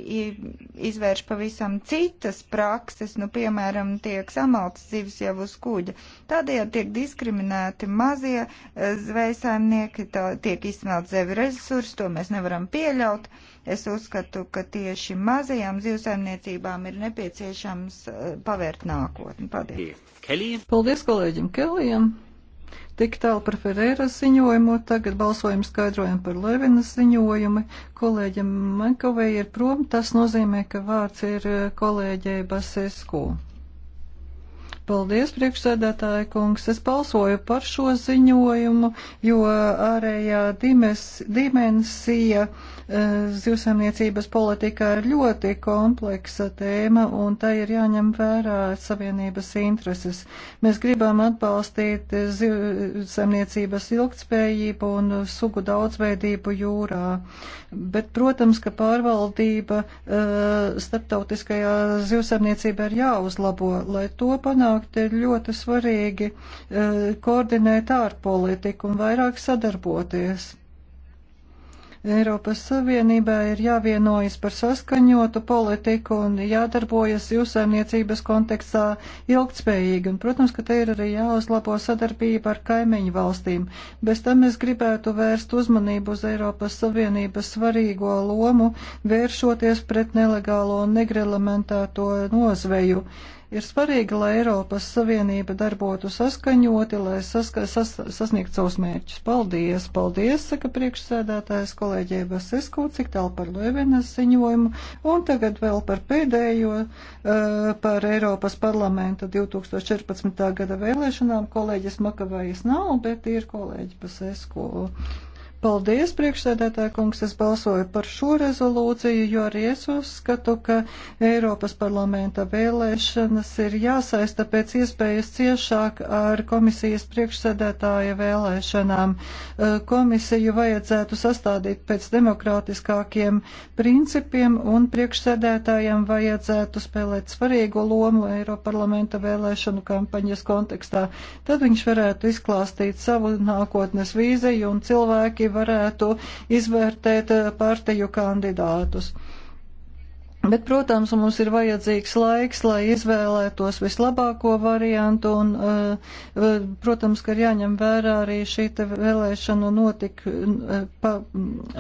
izvērš pavisam citas prakses, nu, piemēram, tiek samalts zivs jau uz kuģa. Tādējādi tiek diskriminēti mazie e, zvejsaimnieki, tiek izsmelt zevi resursi, to mēs nevaram pieļaut. Es uzskatu, ka tieši mazajām zivsaimniecībām ir nepieciešams e, pavērt nākotni. Paldies! Kelly. Paldies kolēģim Kelijam! Tik tālu par Ferreira ziņojumu, tagad balsojumu skaidrojumu par Levinas ziņojumu. Kolēģim Mankovei ir prom, tas nozīmē, ka vārds ir eh, kolēģei Basesku. Paldies, priekšsēdētāja kungs. Es balsoju par šo ziņojumu, jo ārējā dimes, dimensija eh, zivsaimniecības politikā ir ļoti kompleksa tēma, un tai ir jāņem vērā savienības intereses. Mēs gribam atbalstīt zivsaimniecības ilgtspējību un sugu daudzveidību jūrā. Bet, protams, ka pārvaldība eh, starptautiskajā zivsaimniecībā ir jāuzlabo, lai to panāktu panākt, ir ļoti svarīgi eh, koordinēt ārpolitiku un vairāk sadarboties. Eiropas Savienībā ir jāvienojas par saskaņotu politiku un jādarbojas jūsēmniecības kontekstā ilgtspējīgi. Un, protams, ka te ir arī jāuzlabo sadarbība ar kaimiņu valstīm. Bez tam es gribētu vērst uzmanību uz Eiropas Savienības svarīgo lomu, vēršoties pret nelegālo un negreglamentēto nozveju Ir svarīgi, lai Eiropas Savienība darbotu saskaņoti, lai saska, sas, sasniegtu savus mērķus. Paldies, paldies, saka priekšsēdētājs kolēģei Basesku, cik tālu par Levenas ziņojumu. Un tagad vēl par pēdējo, uh, par Eiropas parlamenta 2014. gada vēlēšanām. Kolēģis Makavajas nav, bet ir kolēģi Basesku. Paldies, priekšsēdētāja kungs, es balsoju par šo rezolūciju, jo arī es uzskatu, ka Eiropas parlamenta vēlēšanas ir jāsaista pēc iespējas ciešāk ar komisijas priekšsēdētāja vēlēšanām. Eh, komisiju vajadzētu sastādīt pēc demokrātiskākiem principiem un priekšsēdētājiem vajadzētu spēlēt svarīgu lomu Eiropas parlamenta vēlēšanu kampaņas kontekstā. Tad viņš varētu izklāstīt savu nākotnes vīziju un cilvēki varētu izvērtēt eh, partiju kandidātus. Bet, protams, mums ir vajadzīgs laiks, lai izvēlētos vislabāko variantu, un, eh, protams, ka ir jāņem vērā arī šī vēlēšanu notik eh, pa,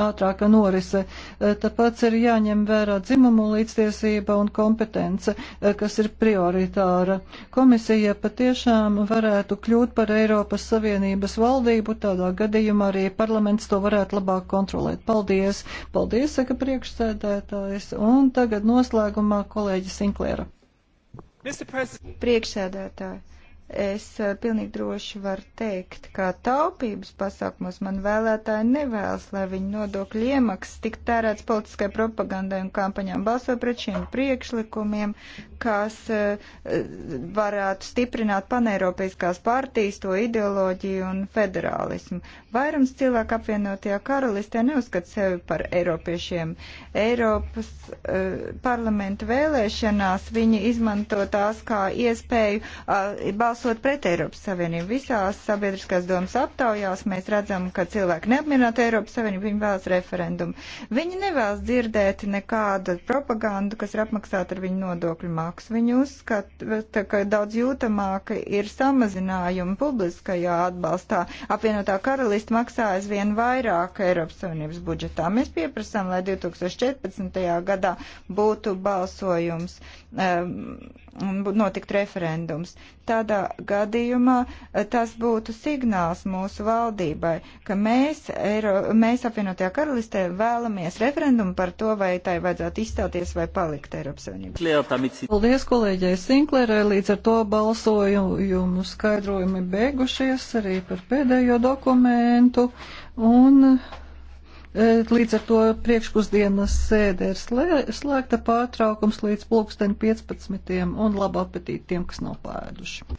ātrāka norise. Eh, tāpēc ir jāņem vērā dzimumu līdztiesība un kompetence, kas ir prioritāra. Komisija patiešām varētu kļūt par Eiropas Savienības valdību, tādā gadījumā arī parlaments to varētu labāk kontrolēt. Paldies! Paldies, saka priekšsēdētājs! Un tagad tagad noslēgumā kolēģi Sinklēra. Priekšsēdētāji, es eh, pilnīgi droši varu teikt, ka taupības pasākumos man vēlētāji nevēlas, lai viņu nodokļu iemaksas tik tērēts politiskai propagandai un kampaņām balso pret šiem priekšlikumiem, kas uh, varētu stiprināt paneiropeiskās partijas to ideoloģiju un federālismu. Vairums cilvēku apvienotajā karalistē neuzskata sevi par eiropiešiem. Eiropas uh, parlamenta vēlēšanās viņi izmanto tās kā iespēju uh, balsot pret Eiropas Savienību. Visās sabiedriskās domas aptaujās mēs redzam, ka cilvēki neapmierināt Eiropas Savienību, viņi vēlas referendumu. Viņi nevēlas dzirdēt nekādu propagandu, kas ir apmaksāta ar viņu nodokļu maksu. Viņi uzskata, ka daudz jūtamāk ir samazinājumi publiskajā atbalstā. Apvienotā karalistē Savienvalstis maksā aizvien vairāk Eiropas Savienības budžetā. Mēs pieprasām, lai 2014. gadā būtu balsojums ehm, un notiktu referendums. Tādā gadījumā eh, tas būtu signāls mūsu valdībai, ka mēs, Eiro, mēs apvienotajā karalistē vēlamies referendumu par to, vai tai vajadzētu izstāties vai palikt Eiropas Savienībā. Paldies kolēģei Sinklerai, līdz ar to balsojumu skaidrojumi beigušies arī par pēdējo dokumentu dokumentu un e, Līdz ar to priekšpusdienas sēde ir slēgta pārtraukums līdz pulksten 15. un labu apetīti tiem, kas nav pēduši.